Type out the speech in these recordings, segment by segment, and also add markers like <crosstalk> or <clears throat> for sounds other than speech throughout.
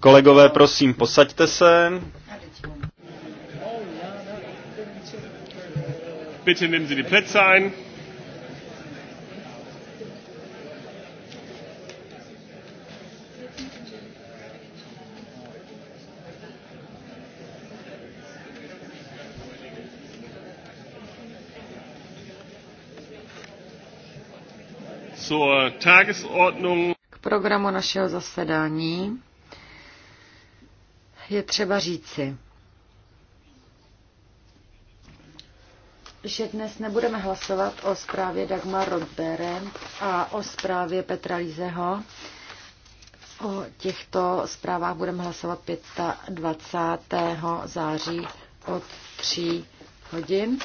Kolegové, prosím, posaďte se. Bitte nehmen Sie die Plätze ein. K programu našeho zasedání je třeba říci, že dnes nebudeme hlasovat o zprávě Dagmar Rodberen a o zprávě Petra Lízeho. O těchto zprávách budeme hlasovat 25. září od 3 hodin.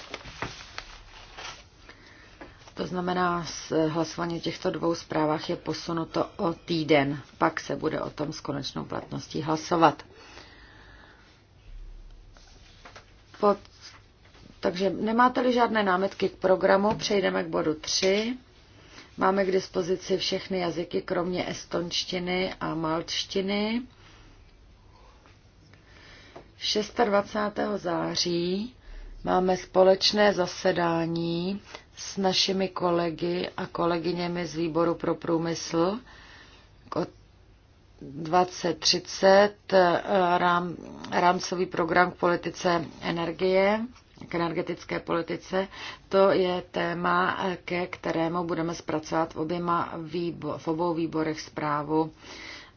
To znamená, eh, hlasování těchto dvou zprávách je posunuto o týden. Pak se bude o tom s konečnou platností hlasovat. Pod... Takže nemáte-li žádné námitky k programu, přejdeme k bodu 3. Máme k dispozici všechny jazyky, kromě estonštiny a malčtiny. 26. září Máme společné zasedání s našimi kolegy a kolegyněmi z výboru pro průmysl k 2030 eh, rám, rámcový program k politice energie, k energetické politice. To je téma, eh, ke kterému budeme zpracovat v, oběma výbo- v obou výborech zprávu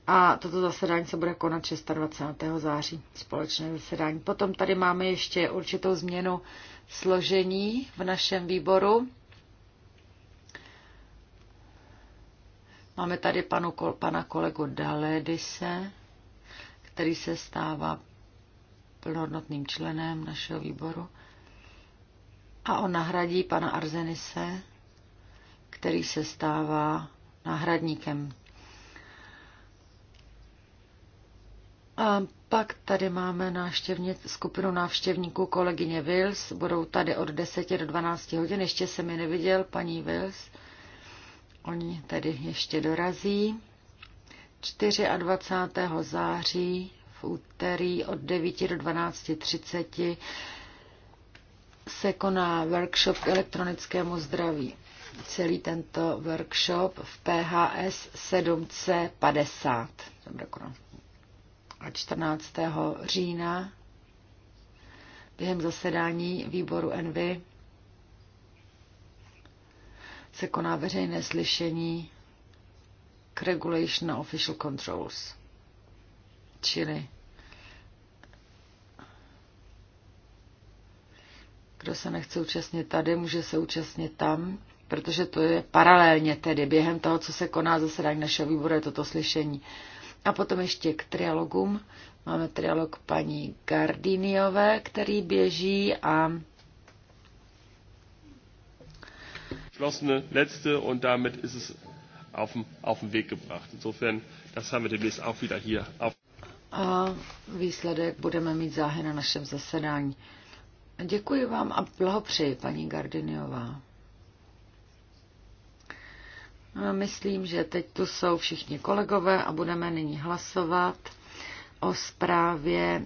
a toto zasedání se bude konat 26. září, společné zasedání. Potom tady máme ještě určitou změnu složení v našem výboru. Máme tady panu, pana kolegu Daledise, který se stává plnohodnotným členem našeho výboru. A on nahradí pana Arzenise, který se stává náhradníkem A pak tady máme návštěvní, skupinu návštěvníků kolegyně Wills. Budou tady od 10 do 12 hodin. Ještě se mi neviděl, paní Wills. Oni tady ještě dorazí. 24. září v úterý od 9 do 12.30 se koná workshop k elektronickému zdraví. Celý tento workshop v PHS 7C50. Dobrý konec a 14. října během zasedání výboru Envy se koná veřejné slyšení k Regulation Official Controls, čili kdo se nechce účastnit tady, může se účastnit tam, protože to je paralelně tedy během toho, co se koná zasedání našeho výboru, je toto slyšení. A potom ještě k trialogům. Máme trialog paní Gardiniové, který běží a letzte und damit ist es auf auf Weg gebracht. Insofern, das haben wir demnächst auch wieder hier. Auf a výsledek budeme mít záhy na našem zasedání. Děkuji vám a blahopřeji, paní Gardiniová. Myslím, že teď tu jsou všichni kolegové a budeme nyní hlasovat o zprávě,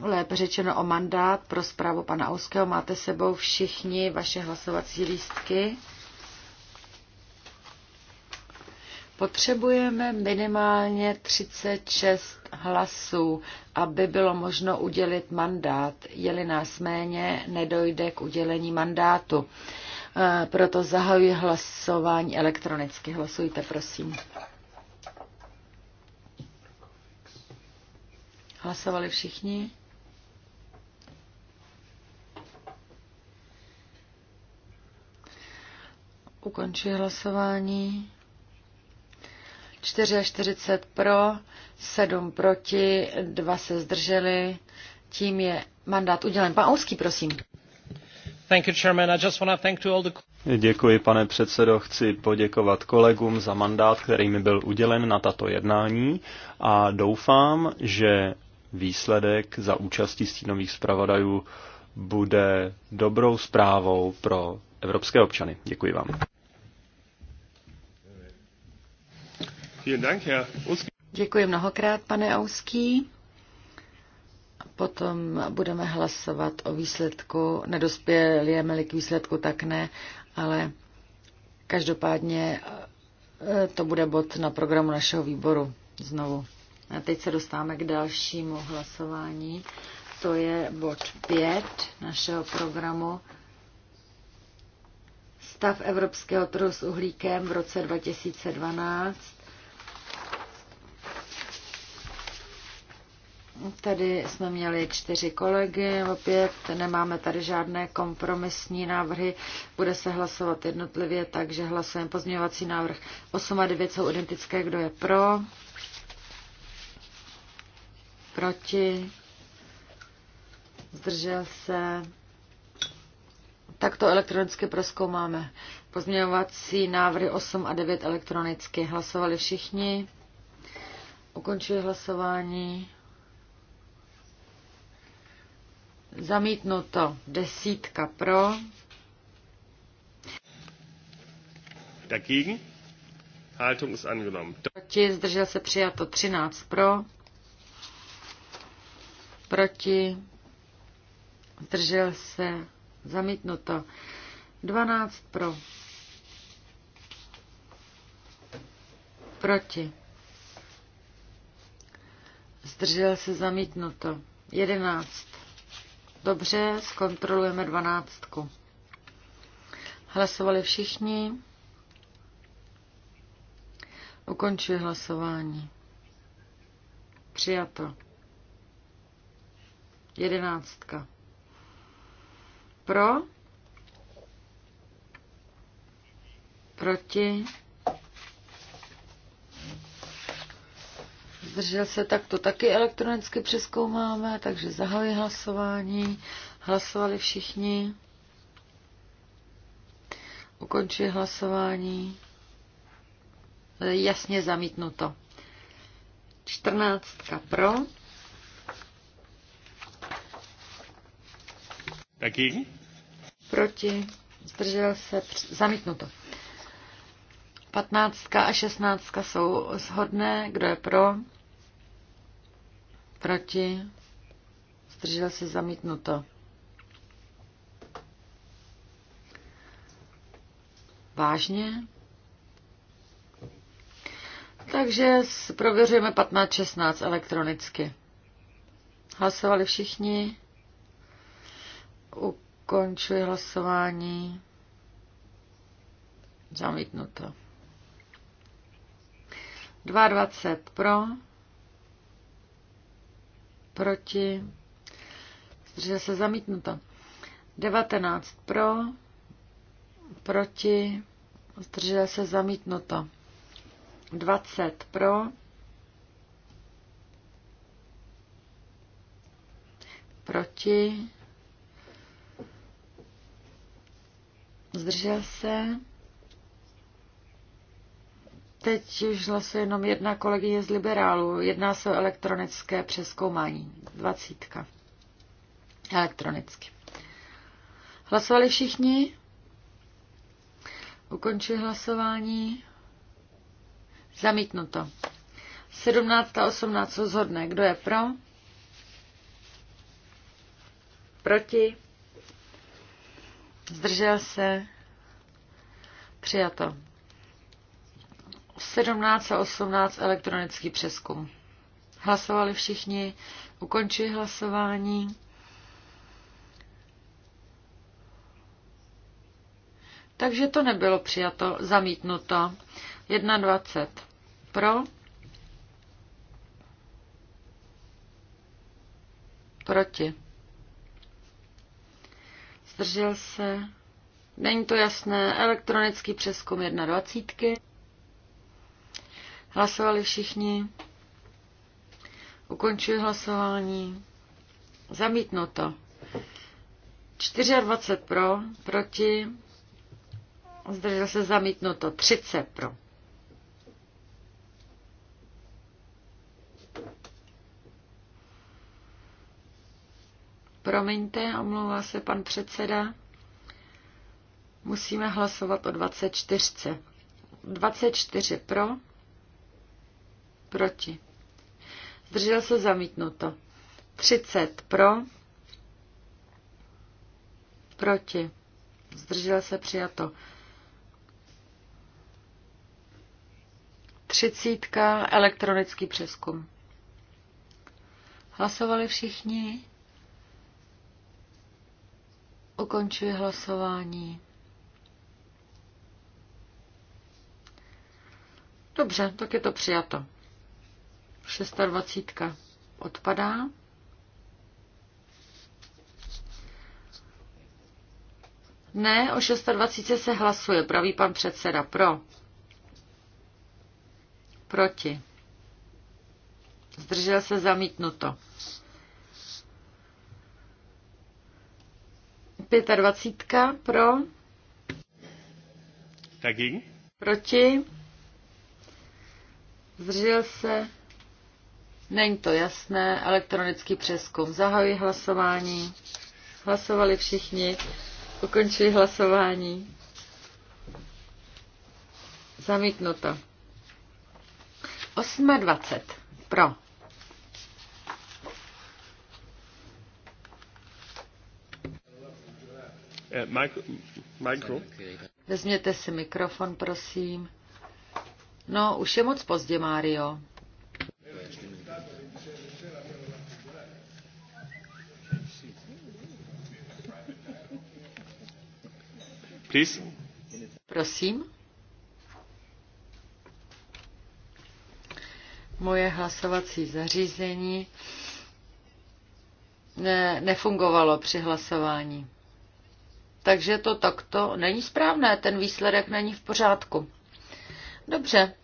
lépe řečeno o mandát pro zprávu pana Auského. Máte sebou všichni vaše hlasovací lístky. Potřebujeme minimálně 36 hlasů, aby bylo možno udělit mandát. Jeli nás méně, nedojde k udělení mandátu. Eh, proto zahajuji hlasování elektronicky. Hlasujte, prosím. Hlasovali všichni? Ukončuji hlasování. 44 pro, 7 proti, 2 se zdrželi. Tím je mandát udělen. Pan Ouský, prosím. Děkuji, pane předsedo. Chci poděkovat kolegům za mandát, který mi byl udělen na tato jednání a doufám, že výsledek za účastí stínových zpravodajů bude dobrou zprávou pro evropské občany. Děkuji vám. Děkuji mnohokrát, pane Auský. Potom budeme hlasovat o výsledku. Nedospějeme-li k výsledku, tak ne, ale každopádně eh, to bude bod na programu našeho výboru znovu. A teď se dostáváme k dalšímu hlasování. To je bod 5 našeho programu. Stav evropského trhu s uhlíkem v roce 2012. Tady jsme měli čtyři kolegy, opět nemáme tady žádné kompromisní návrhy, bude se hlasovat jednotlivě, takže hlasujeme pozměňovací návrh 8 a 9 jsou identické, kdo je pro, proti, zdržel se, tak to elektronicky proskoumáme. Pozměňovací návrhy 8 a 9 elektronicky. Hlasovali všichni. Ukončuji hlasování. Zamítnuto. Desítka pro. Dagegen. Haltung ist angenommen. Proti zdržel se přijato 13 pro. Proti zdržel se zamítnuto 12 pro. Proti. Zdržel se zamítnuto 11 Dobře, zkontrolujeme dvanáctku. Hlasovali všichni. Ukončuji hlasování. Přijato. Jedenáctka. Pro? Proti? zdržel se, tak to taky elektronicky přeskoumáme, takže zahajuji hlasování. Hlasovali všichni. Ukončuji hlasování. E, jasně zamítnuto. Čtrnáctka pro. taky, Proti. Zdržel se. Zamítnuto. 15 a 16 jsou shodné. Kdo je pro? Proti? Zdržel se zamítnuto. Vážně? Takže prověřujeme 15-16 elektronicky. Hlasovali všichni? Ukončuji hlasování. Zamítnuto. 22 pro proti, zdržel se zamítnuto. 19 pro, proti, zdržel se zamítnuto. 20 pro, proti, zdržel se, Teď již hlasuje jenom jedna kolegyně z liberálu, Jedná se o elektronické přeskoumání. Dvacítka. Elektronicky. Hlasovali všichni? Ukončuji hlasování. Zamítnuto. 17 a 18 zhodné. Kdo je pro? Proti? Zdržel se? Přijato. 17 a 18 elektronický přeskum. Hlasovali všichni, ukončuji hlasování. Takže to nebylo přijato, zamítnuto. 21 pro, proti. Zdržel se. Není to jasné. Elektronický přeskum 21. Hlasovali všichni. Ukončuji hlasování. Zamítnuto. 24 pro, proti, zdržel se zamítnuto, 30 pro. Promiňte, omlouvá se pan předseda. Musíme hlasovat o 24. 24 pro, Proti. Zdržel se zamítnuto. 30 pro. Proti. Zdržel se přijato. Třicítka elektronický přeskum. Hlasovali všichni? Ukončuji hlasování. Dobře, tak je to přijato. 620 odpadá. Ne, o 620 se hlasuje, praví pan předseda. Pro. Proti. Zdržel se zamítnuto. 25 pro. Dagegen. Proti. Zdržel se Není to jasné. Elektronický přeskum. Zahajuji hlasování. Hlasovali všichni. Ukončuji hlasování. Zamítnuto. 8.20. Pro. Eh, Mikro. Vezměte si mikrofon, prosím. No, už je moc pozdě, Mário. Please. Prosím. Moje hlasovací zařízení ne, nefungovalo při hlasování. Takže to takto není správné, ten výsledek není v pořádku. Dobře,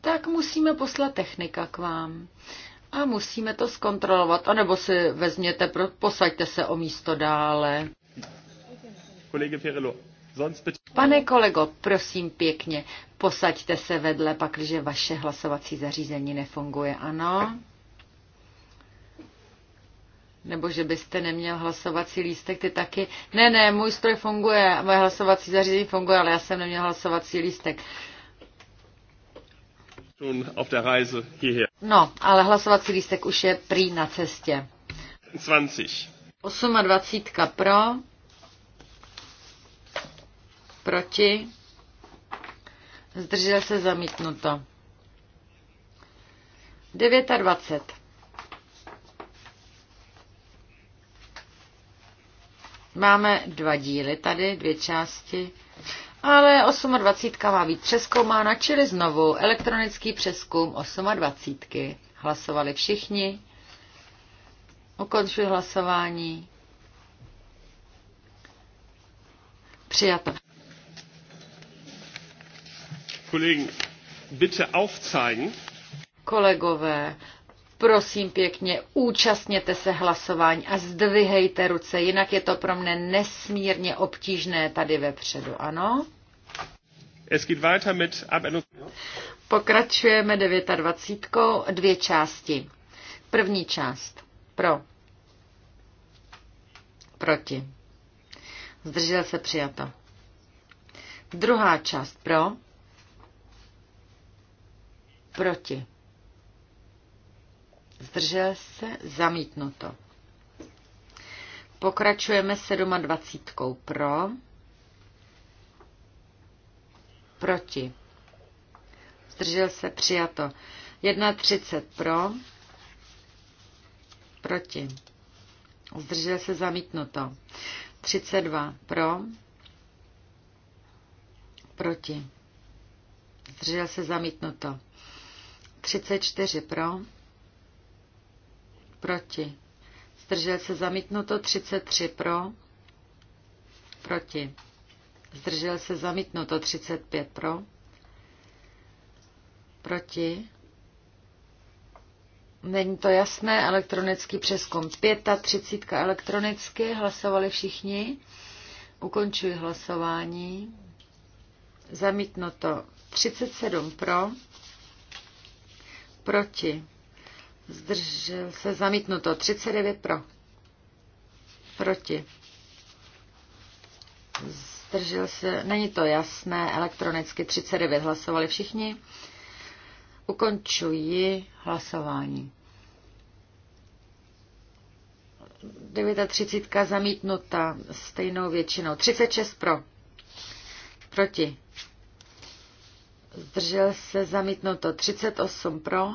tak musíme poslat technika k vám a musíme to zkontrolovat, anebo si vezměte, posaďte se o místo dále. Pirillo, Pane kolego, prosím pěkně, posaďte se vedle, pakliže vaše hlasovací zařízení nefunguje, ano? Nebo že byste neměl hlasovací lístek, ty taky. Ne, ne, můj stroj funguje, moje hlasovací zařízení funguje, ale já jsem neměl hlasovací lístek. No, ale hlasovací lístek už je prý na cestě. 20. 28 pro, Proti? Zdržel se zamítnuto. 29. Máme dva díly tady, dvě části. Ale 28 má být přeskoumána, čili znovu elektronický přeskum 28. Hlasovali všichni. Ukončuji hlasování. Přijato. Kolegové, prosím pěkně, účastněte se hlasování a zdvihejte ruce, jinak je to pro mne nesmírně obtížné tady vepředu, ano? Es geht weiter mit Pokračujeme 29. dvě části. První část. Pro. Proti. Zdržel se přijato. Druhá část. Pro Proti. Zdržel se? Zamítnuto. Pokračujeme 27. Pro. Proti. Zdržel se? Přijato. 31. Pro. Proti. Zdržel se? Zamítnuto. 32. Pro. Proti. Zdržel se? Zamítnuto. 34 pro, proti, zdržel se zamítnuto 33 pro, proti, zdržel se zamítnuto 35 pro, proti, není to jasné, elektronický přeskum 35 elektronicky, hlasovali všichni, ukončuji hlasování, zamítnuto 37 pro, Proti. Zdržel se zamítnuto. 39 pro. Proti. Zdržel se. Není to jasné. Elektronicky 39 hlasovali všichni. Ukončuji hlasování. 39 zamítnuta stejnou většinou. 36 pro. Proti zdržel se zamítnuto 38 pro,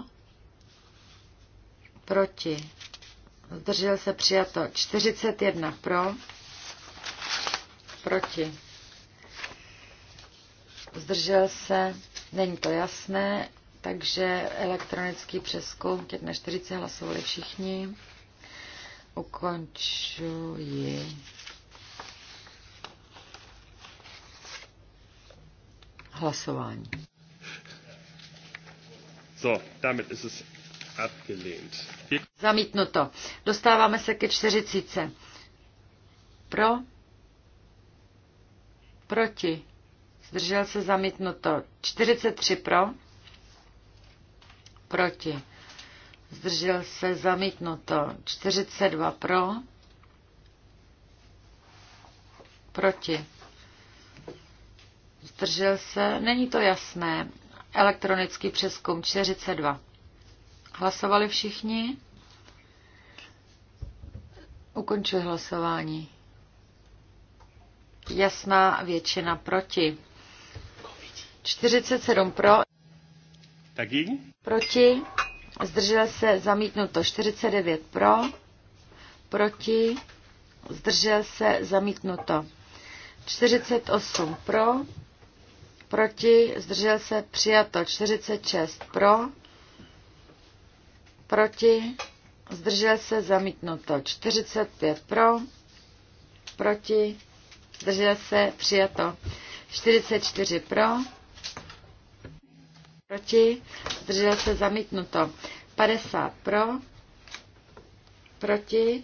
proti, zdržel se přijato 41 pro, proti, zdržel se, není to jasné, takže elektronický přeskum 40 hlasovali všichni. Ukončuji hlasování. So, damit ist es abgelehnt. Zamítnuto. Dostáváme se ke čtyřicíce. Pro? Proti? Zdržel se zamítnuto. 43 pro? Proti? Zdržel se zamítnuto. 42 pro? Proti? Zdržel se? Není to jasné. Elektronický přeskum 42. Hlasovali všichni? Ukončuji hlasování. Jasná většina proti. 47 pro. Taky? Proti. Zdržel se zamítnuto 49 pro. Proti. Zdržel se zamítnuto. 48 pro proti, zdržel se, přijato 46 pro, proti, zdržel se, zamítnuto 45 pro, proti, zdržel se, přijato 44 pro, proti, zdržel se, zamítnuto 50 pro, proti,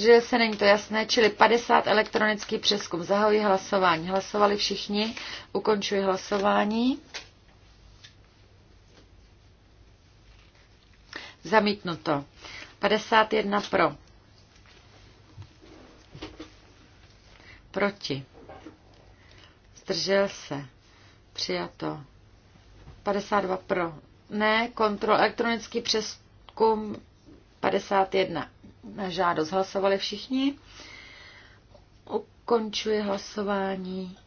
Zdrželi se, není to jasné, čili 50 elektronický přeskum. zahojí hlasování. Hlasovali všichni, ukončuji hlasování. Zamítnuto. 51 pro. Proti. Zdržel se. Přijato. 52 pro. Ne, kontrol elektronický přeskum 51 žádost. Hlasovali všichni. Ukončuji hlasování.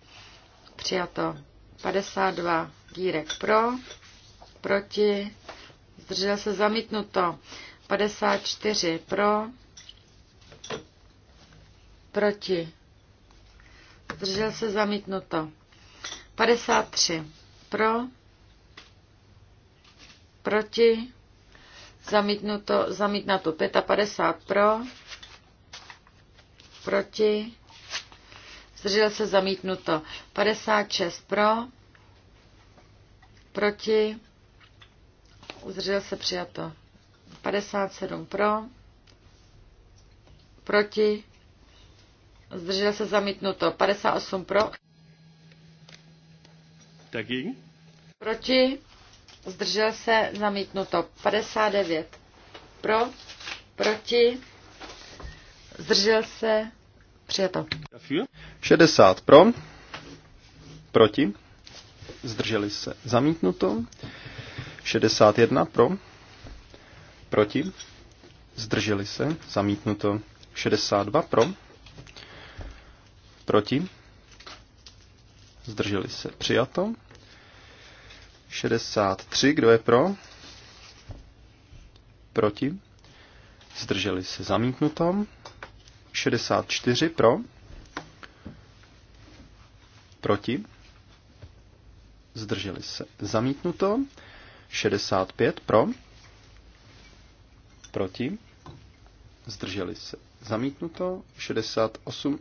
Přijato 52 dírek pro, proti, zdržel se zamítnuto 54 pro, proti, zdržel se zamítnuto 53 pro, proti, Zamítnuto, zamítnuto 55 pro, proti, zdržel se zamítnuto 56 pro, proti, zdržel se přijato 57 pro, proti, zdržel se zamítnuto 58 pro, dagegen, proti, zdržel se, zamítnuto. 59 pro, proti, zdržel se, přijato. 60 pro, proti, zdrželi se, zamítnuto. 61 pro, proti, zdrželi se, zamítnuto. 62 pro, proti, zdrželi se, přijato. 63, kdo je pro? Proti? Zdrželi se zamítnuto. 64 pro? Proti? Zdrželi se zamítnuto. 65 pro? Proti? Zdrželi se zamítnuto. 68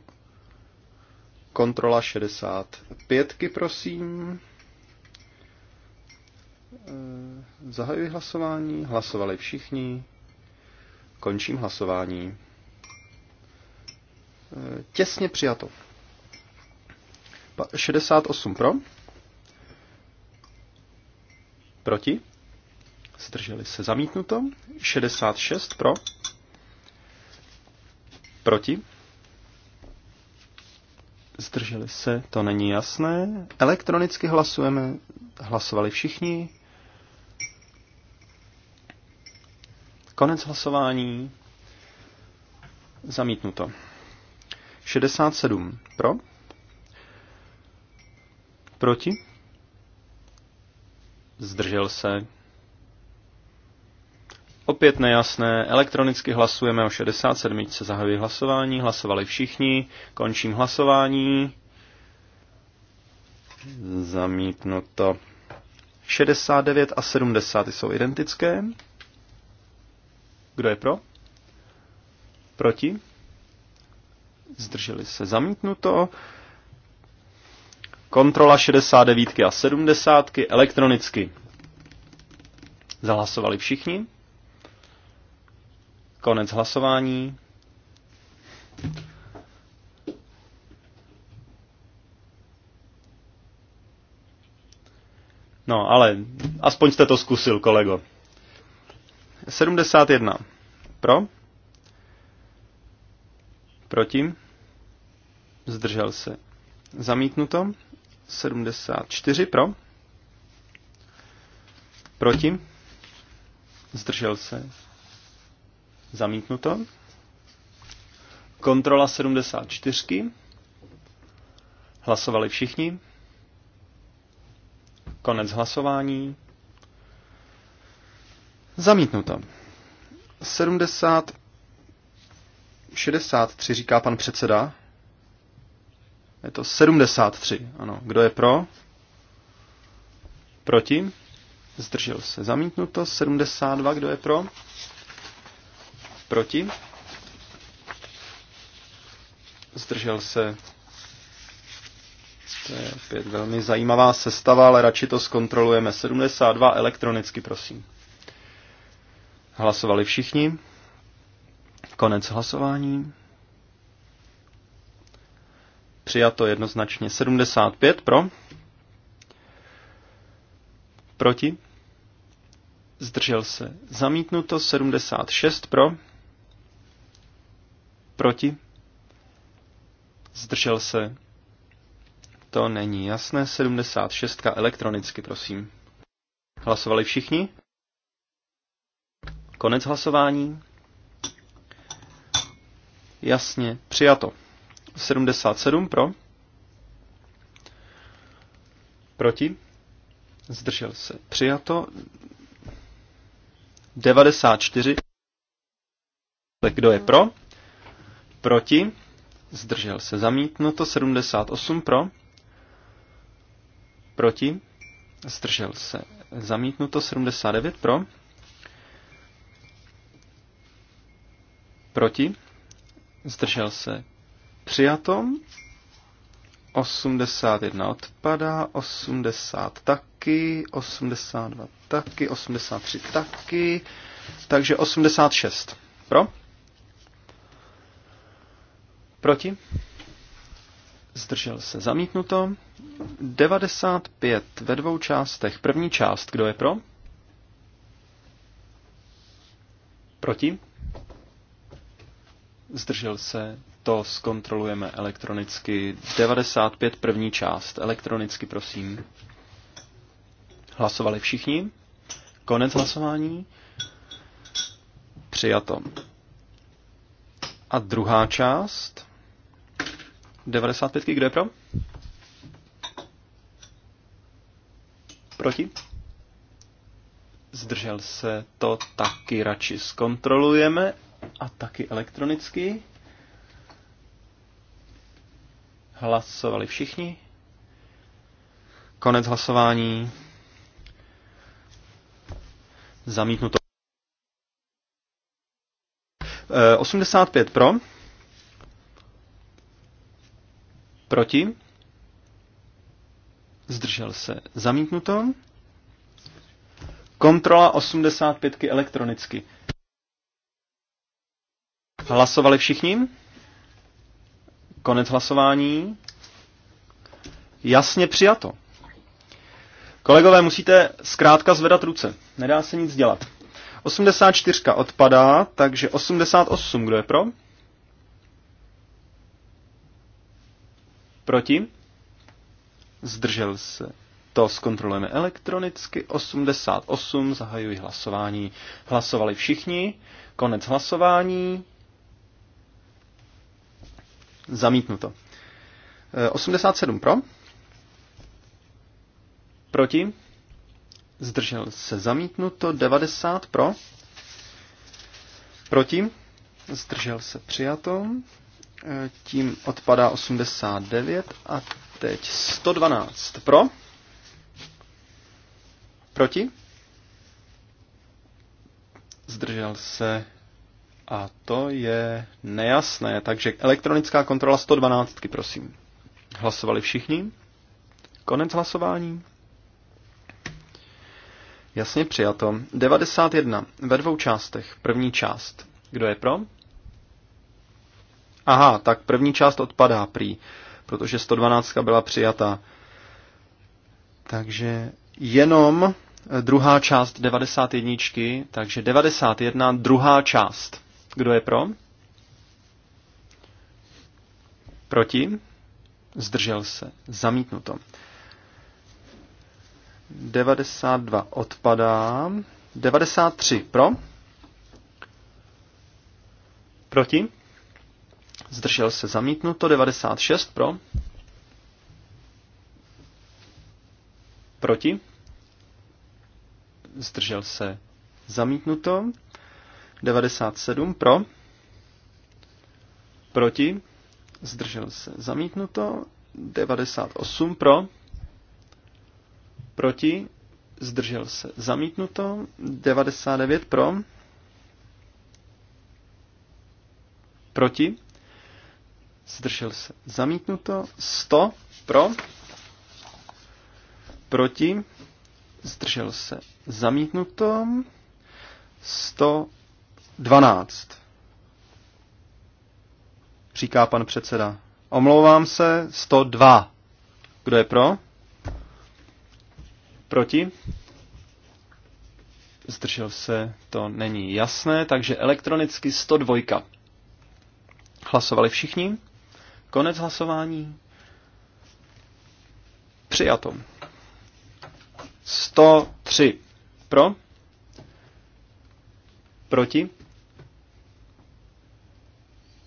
Kontrola 65, prosím. Eh, zahajuji hlasování. Hlasovali všichni. Končím hlasování. Eh, těsně přijato. 68 pro. Proti. Zdrželi se zamítnuto. 66 pro. Proti. Zdrželi se, to není jasné. Elektronicky hlasujeme. Hlasovali všichni. Konec hlasování. Zamítnuto. 67 pro. Proti. Zdržel se. Opět nejasné. Elektronicky hlasujeme o 67. zahajuje hlasování. Hlasovali všichni. Končím hlasování. Zamítnuto. 69 a 70 jsou identické. Kdo je pro? Proti? Zdrželi se zamítnuto. Kontrola 69 a 70 elektronicky. Zahlasovali všichni. Konec hlasování. No, ale aspoň jste to zkusil, kolego. 71. Pro? Proti? Zdržel se. Zamítnuto. 74. Pro? Proti? Zdržel se. Zamítnuto. Kontrola 74. Hlasovali všichni. Konec hlasování. Zamítnuto. 70, 63 říká pan předseda. Je to 73, ano. Kdo je pro? Proti? Zdržel se. Zamítnuto. 72, kdo je pro? Proti? Zdržel se. To je opět velmi zajímavá sestava, ale radši to zkontrolujeme. 72 elektronicky, prosím. Hlasovali všichni. Konec hlasování. Přijato jednoznačně 75 pro. Proti. Zdržel se. Zamítnuto 76 pro. Proti. Zdržel se. To není jasné. 76 elektronicky, prosím. Hlasovali všichni? Konec hlasování. Jasně, přijato. 77 pro. Proti. Zdržel se. Přijato. 94. Kdo je pro? Proti. Zdržel se. Zamítnuto. 78 pro. Proti. Zdržel se. Zamítnuto. 79 pro Proti? Zdržel se. Přijato. 81 odpadá, 80 taky, 82 taky, 83 taky, takže 86. Pro? Proti? Zdržel se zamítnuto. 95 ve dvou částech. První část, kdo je pro? Proti? zdržel se, to zkontrolujeme elektronicky. 95 první část, elektronicky prosím. Hlasovali všichni? Konec hlasování? Přijato. A druhá část? 95, kdo je pro? Proti? Zdržel se, to taky radši zkontrolujeme a taky elektronicky. Hlasovali všichni. Konec hlasování. Zamítnuto. 85 eh, pro. Proti. Zdržel se. Zamítnuto. Kontrola 85 elektronicky. Hlasovali všichni? Konec hlasování. Jasně přijato. Kolegové, musíte zkrátka zvedat ruce. Nedá se nic dělat. 84 odpadá, takže 88, kdo je pro? Proti? Zdržel se. To zkontrolujeme elektronicky. 88, zahajuji hlasování. Hlasovali všichni. Konec hlasování. Zamítnuto. 87 e, pro. Proti. Zdržel se zamítnuto. 90 pro. Proti. Zdržel se přijato. E, tím odpadá 89 a teď 112 pro. Proti. Zdržel se a to je nejasné, takže elektronická kontrola 112, prosím. Hlasovali všichni? Konec hlasování. Jasně přijato. 91. Ve dvou částech. První část. Kdo je pro? Aha, tak první část odpadá prý, protože 112 byla přijata. Takže jenom eh, druhá část 91, takže 91 druhá část. Kdo je pro? Proti? Zdržel se. Zamítnuto. 92 odpadá. 93 pro? Proti? Zdržel se. Zamítnuto. 96 pro? Proti? Zdržel se. Zamítnuto. 97 pro, proti, zdržel se zamítnuto, 98 pro, proti, zdržel se zamítnuto, 99 pro, proti, zdržel se zamítnuto, 100 pro, proti, zdržel se zamítnuto, 100 12. Říká pan předseda. Omlouvám se, 102. Kdo je pro? Proti? Zdržel se, to není jasné, takže elektronicky 102. Hlasovali všichni? Konec hlasování? Přijato. 103. Pro? Proti?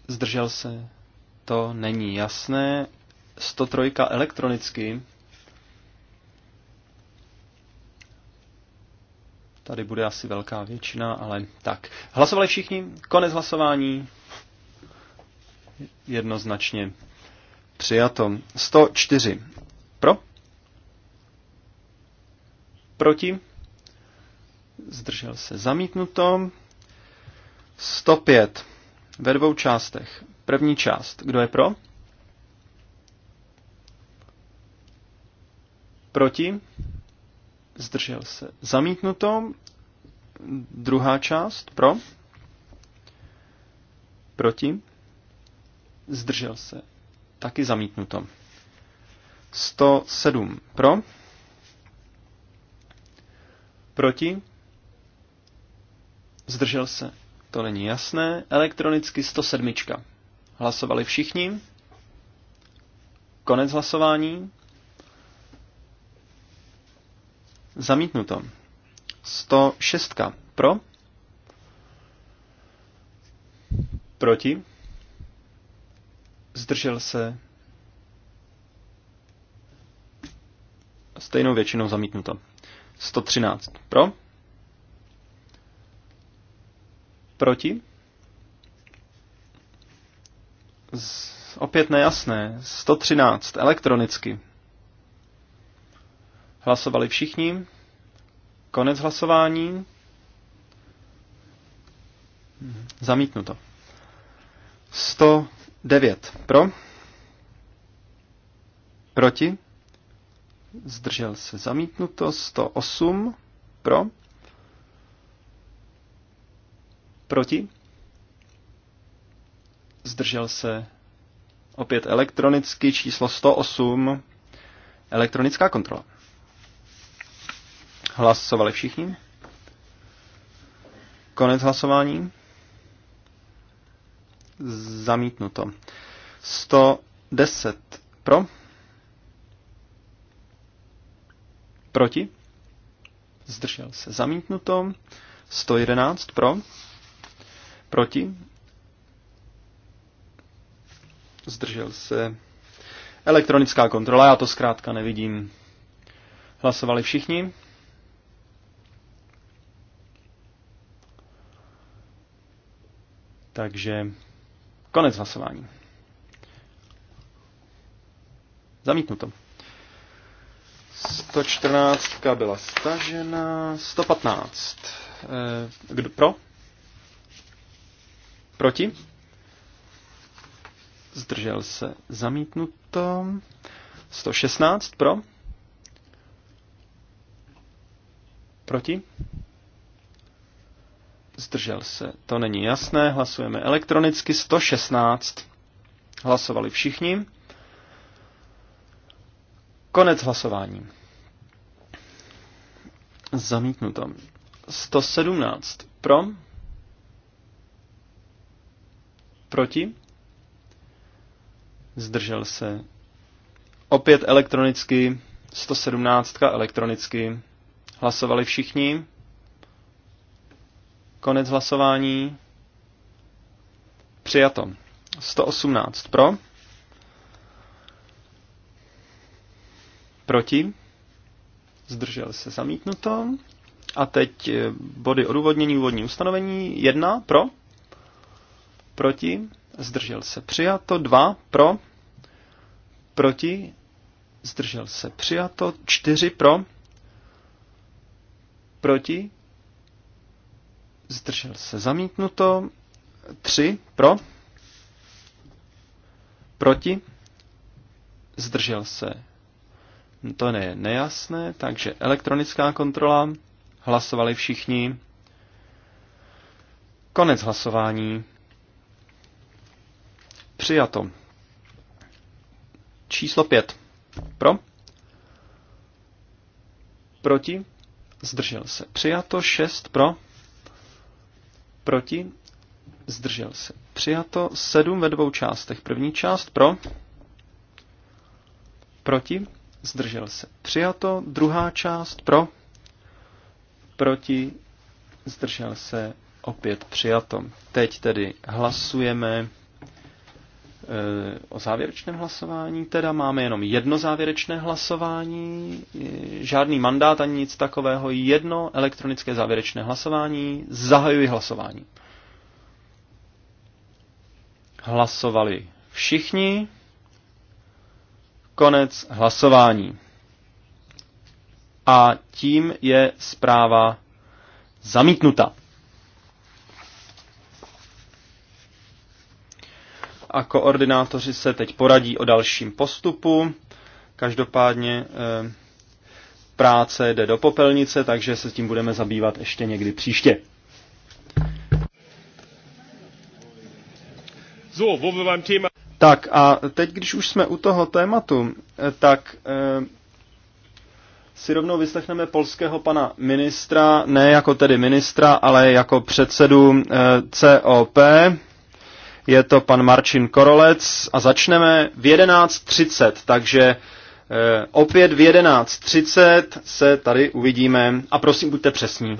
Zdržel se? To není jasné. 103 elektronicky. Tady bude asi velká většina, ale tak. Hlasovali všichni? Konec hlasování. Jednoznačně přijato. 104. Pro? Proti? Zdržel se zamítnuto. 105 ve dvou částech. První část, kdo je pro? Proti? Zdržel se. Zamítnuto. Druhá část, pro? Proti? Zdržel se. Taky zamítnuto. 107 pro? Proti? Zdržel se to není jasné. Elektronicky 107. Hlasovali všichni. Konec hlasování. Zamítnuto. 106. Pro. Proti. Zdržel se. Stejnou většinou zamítnuto. 113. Pro. Proti? Z, opět nejasné. 113. Elektronicky. Hlasovali všichni. Konec hlasování. Zamítnuto. 109. Pro? Proti? Zdržel se zamítnuto. 108. Pro? Proti? Zdržel se opět elektronicky číslo 108. Elektronická kontrola. Hlasovali všichni? Konec hlasování. Zamítnuto. 110 pro. Proti. Zdržel se. Zamítnuto. 111 pro. Proti? Zdržel se. Elektronická kontrola, já to zkrátka nevidím. Hlasovali všichni? Takže konec hlasování. Zamítnuto. 114 byla stažena. 115. Eh, kdo pro? Proti? Zdržel se zamítnuto. 116 pro. Proti? Zdržel se. To není jasné. Hlasujeme elektronicky. 116. Hlasovali všichni. Konec hlasování. Zamítnuto. 117 pro. Proti? Zdržel se. Opět elektronicky. 117 elektronicky. Hlasovali všichni. Konec hlasování. Přijato. 118 pro. Proti. Zdržel se zamítnuto. A teď eh, body odůvodnění, úvodní ustanovení. 1 pro proti, zdržel se přijato, dva pro, proti, zdržel se přijato, čtyři pro, proti, zdržel se zamítnuto, tři pro, proti, zdržel se. To je nejasné, takže elektronická kontrola, hlasovali všichni, konec hlasování. Přijato. Číslo 5. Pro? Proti? Zdržel se. Přijato. 6. Pro? Proti? Zdržel se. Přijato. 7 ve dvou částech. První část pro? Proti? Zdržel se. Přijato. Druhá část pro? Proti? Zdržel se. Opět přijato. Teď tedy hlasujeme Eh, o závěrečném hlasování. Teda máme jenom jedno závěrečné hlasování, eh, žádný mandát ani nic takového, jedno elektronické závěrečné hlasování. Zahajuji hlasování. Hlasovali všichni. Konec hlasování. A tím je zpráva zamítnuta. a koordinátoři se teď poradí o dalším postupu. Každopádně eh, práce jde do popelnice, takže se s tím budeme zabývat ještě někdy příště. So, wo wir beim Thema... Tak a teď, když už jsme u toho tématu, eh, tak e, si rovnou vyslechneme polského pana ministra, ne jako tedy ministra, ale jako předsedu COP je to pan Marčin Korolec a začneme v 11.30, takže eh, opět v 11.30 se tady uvidíme a prosím, buďte přesní.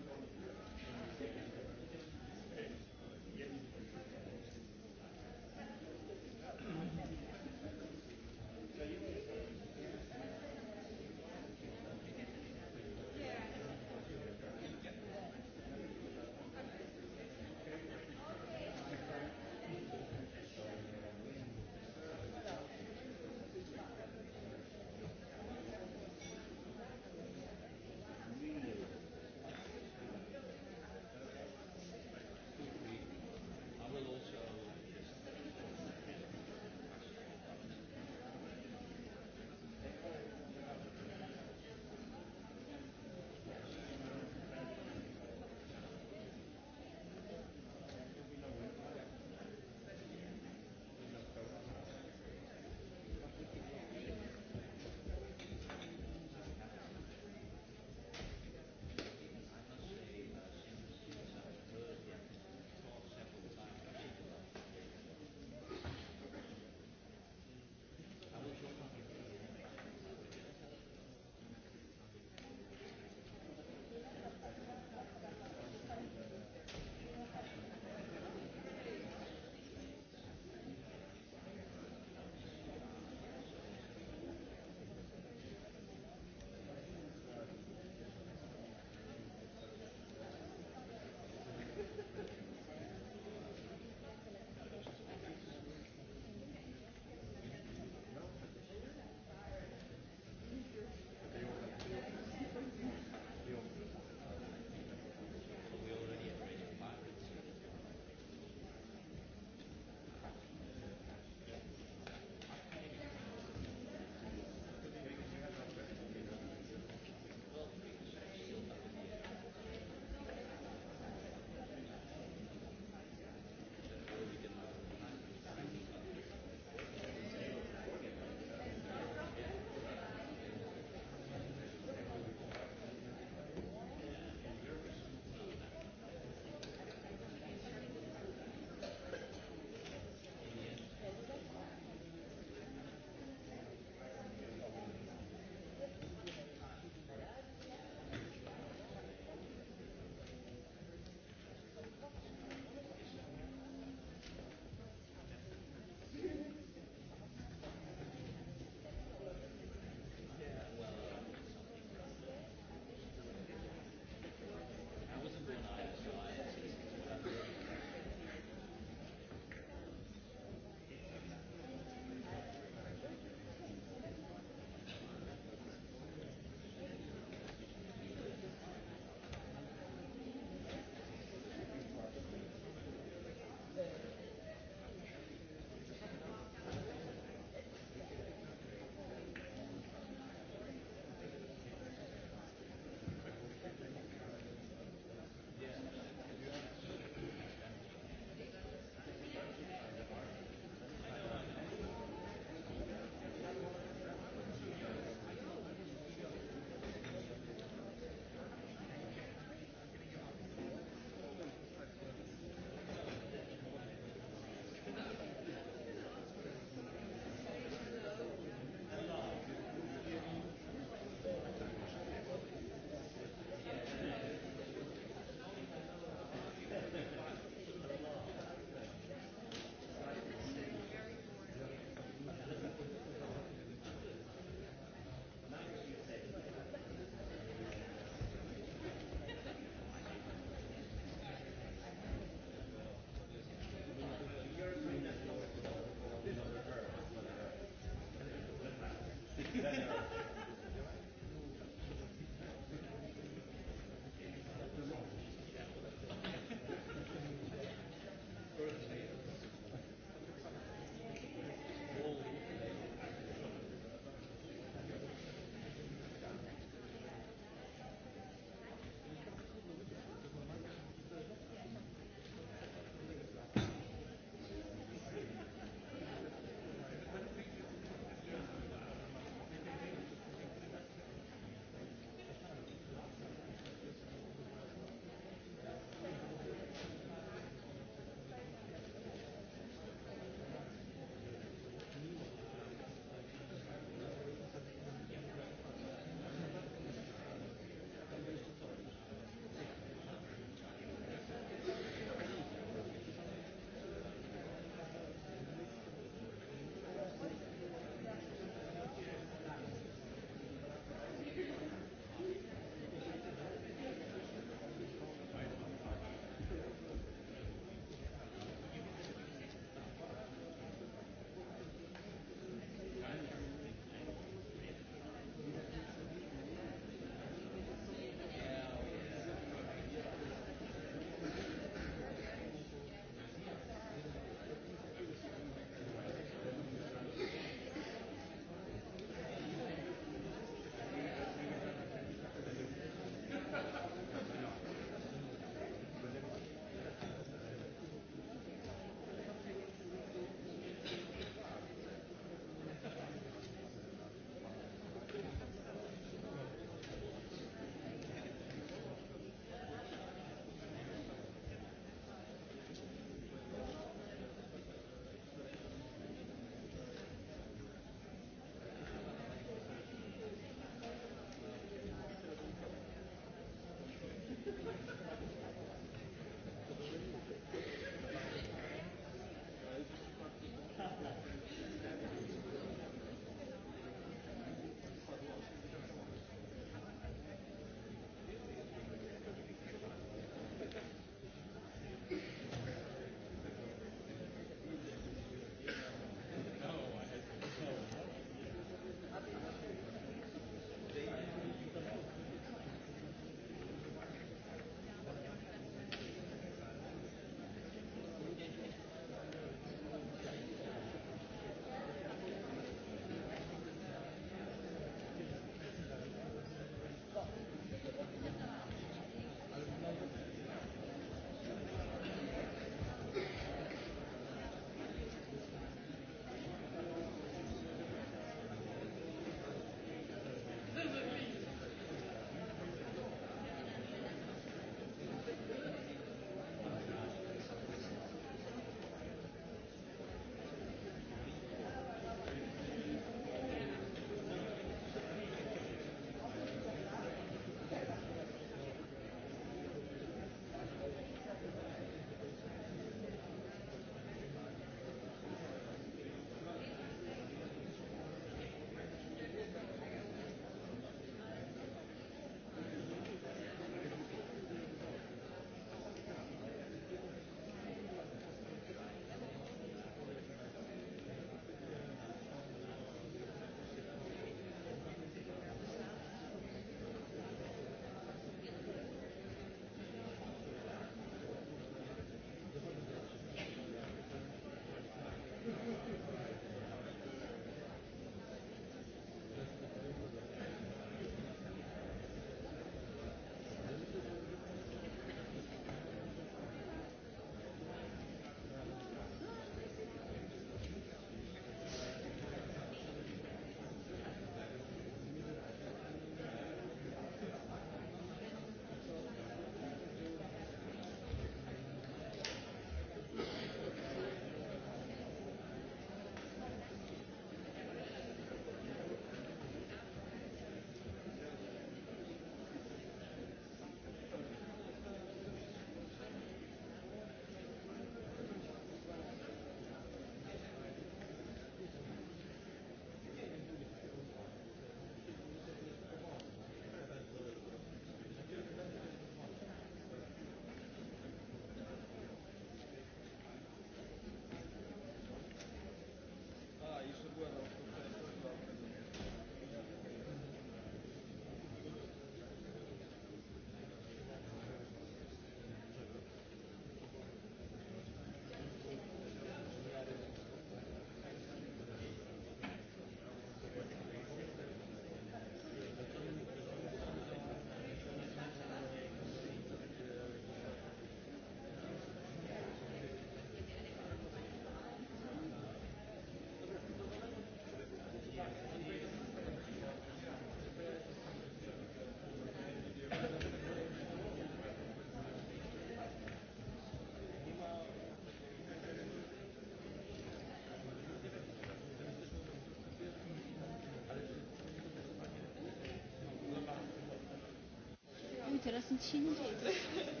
interessentschienen? <laughs>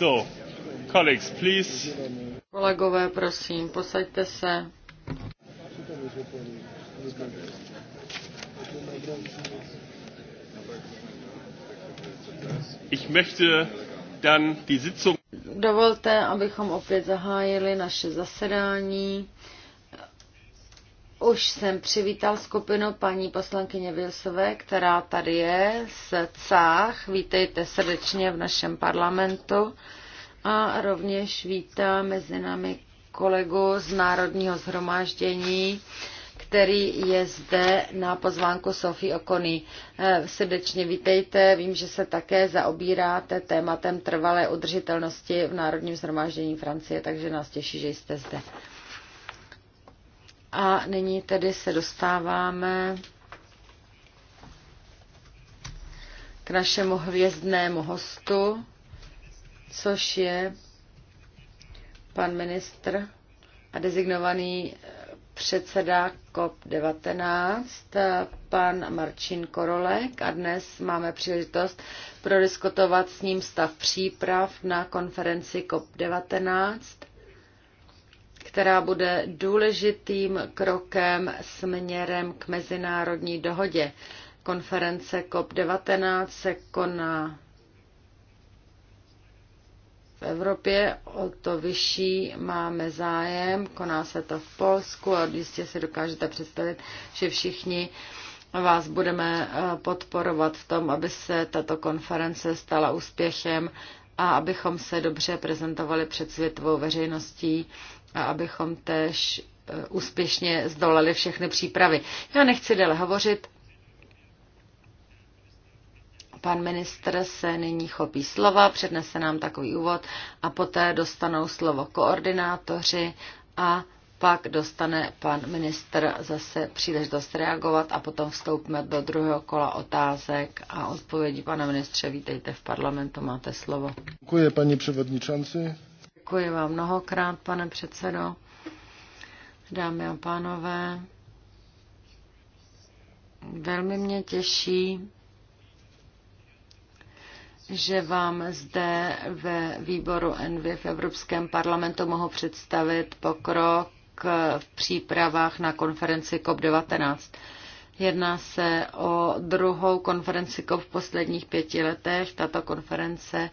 So, colleagues, please. Kolegové, prosím, posaďte se. Ich möchte dann die Sitzung Dovolte, abychom opět zahájili naše zasedání. Už jsem přivítal skupinu paní poslankyně Vilsové, která tady je z CÁH. Vítejte srdečně v našem parlamentu. A rovněž vítám mezi námi kolegu z Národního zhromáždění, který je zde na pozvánku Sofie Okony. Eh, srdečně vítejte, vím, že se také zaobíráte tématem trvalé udržitelnosti v Národním zhromáždění Francie, takže nás těší, že jste zde. A nyní tedy se dostáváme k našemu hvězdnému hostu, což je pan ministr a designovaný předseda COP19, pan Marčín Korolek a dnes máme příležitost prodiskutovat s ním stav příprav na konferenci COP19 která bude důležitým krokem směrem k mezinárodní dohodě. Konference COP19 se koná v Evropě, o to vyšší máme zájem, koná se to v Polsku a jistě si dokážete představit, že všichni vás budeme eh, podporovat v tom, aby se tato konference stala úspěchem a abychom se dobře prezentovali před světovou veřejností a abychom tež e, úspěšně zdolali všechny přípravy. Já nechci déle hovořit. Pan ministr se nyní chopí slova, přednese nám takový úvod a poté dostanou slovo koordinátoři a pak dostane pan ministr zase příležitost reagovat a potom vstoupíme do druhého kola otázek a odpovědí. Pane ministře, vítejte v parlamentu, máte slovo. Děkuji, paní předsedající. Děkuji vám mnohokrát, pane předsedo, dámy a pánové. Velmi mě těší, že vám zde ve výboru ENVY v Evropském parlamentu mohu představit pokrok v přípravách na konferenci COP19. Jedná se o druhou konferenci v posledních pěti letech. Tato konference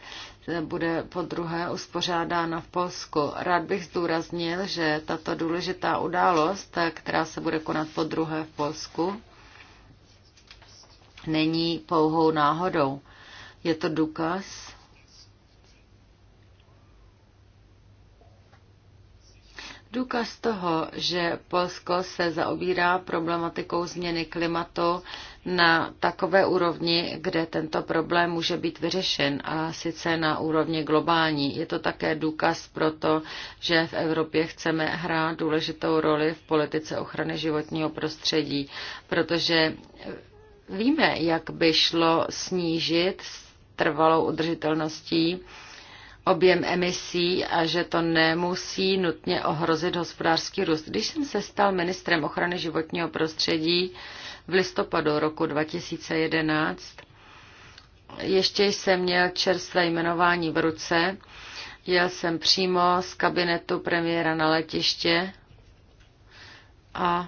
bude po druhé uspořádána v Polsku. Rád bych zdůraznil, že tato důležitá událost, která se bude konat po druhé v Polsku, není pouhou náhodou. Je to důkaz Důkaz toho, že Polsko se zaobírá problematikou změny klimatu na takové úrovni, kde tento problém může být vyřešen, a sice na úrovni globální. Je to také důkaz pro to, že v Evropě chceme hrát důležitou roli v politice ochrany životního prostředí, protože víme, jak by šlo snížit trvalou udržitelností objem emisí a že to nemusí nutně ohrozit hospodářský růst. Když jsem se stal ministrem ochrany životního prostředí v listopadu roku 2011, ještě jsem měl čerstvé jmenování v ruce. Jel jsem přímo z kabinetu premiéra na letiště a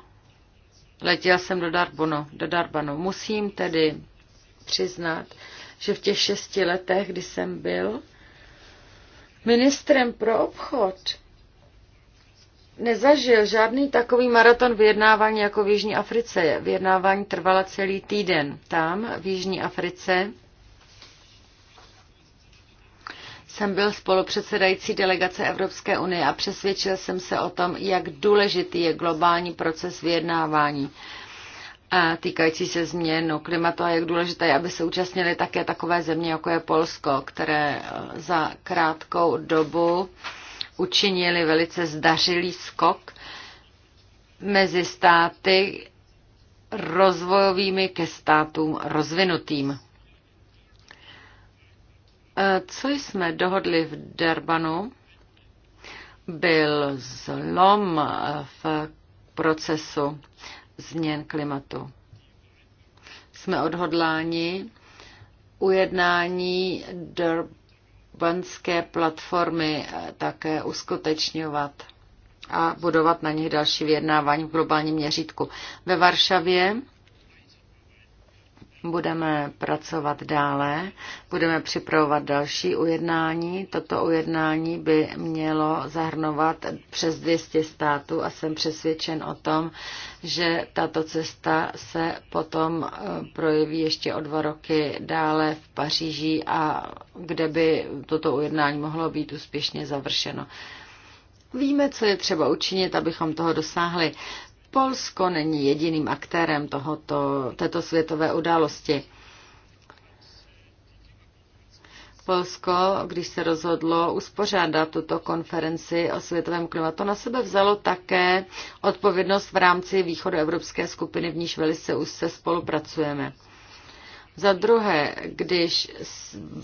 letěl jsem do, Darbono, do Darbanu. Musím tedy přiznat, že v těch šesti letech, kdy jsem byl ministrem pro obchod nezažil žádný takový maraton vyjednávání jako v Jižní Africe. Vyjednávání trvala celý týden. Tam, v Jižní Africe, jsem byl spolupředsedající delegace Evropské unie a přesvědčil jsem se o tom, jak důležitý je globální proces vyjednávání týkající se změnu klimatu a jak důležité je, aby se účastnili také takové země, jako je Polsko, které eh, za krátkou dobu učinili velice zdařilý skok mezi státy rozvojovými ke státům rozvinutým. Eh, co jsme dohodli v Derbanu, byl zlom eh, v procesu změn klimatu. Jsme odhodláni ujednání Durbanské platformy eh, také uskutečňovat a budovat na nich další vyjednávání v globálním měřítku. Ve Varšavě budeme pracovat dále, budeme připravovat další ujednání. Toto ujednání by mělo zahrnovat přes 200 států a jsem přesvědčen o tom, že tato cesta se potom eh, projeví ještě o dva roky dále v Paříži a kde by toto ujednání mohlo být úspěšně završeno. Víme, co je třeba učinit, abychom toho dosáhli. Polsko není jediným aktérem tohoto, této světové události. Polsko, když se rozhodlo uspořádat tuto konferenci o světovém klimatu, na sebe vzalo také odpovědnost v rámci východoevropské skupiny, v níž velice se spolupracujeme. Za druhé, když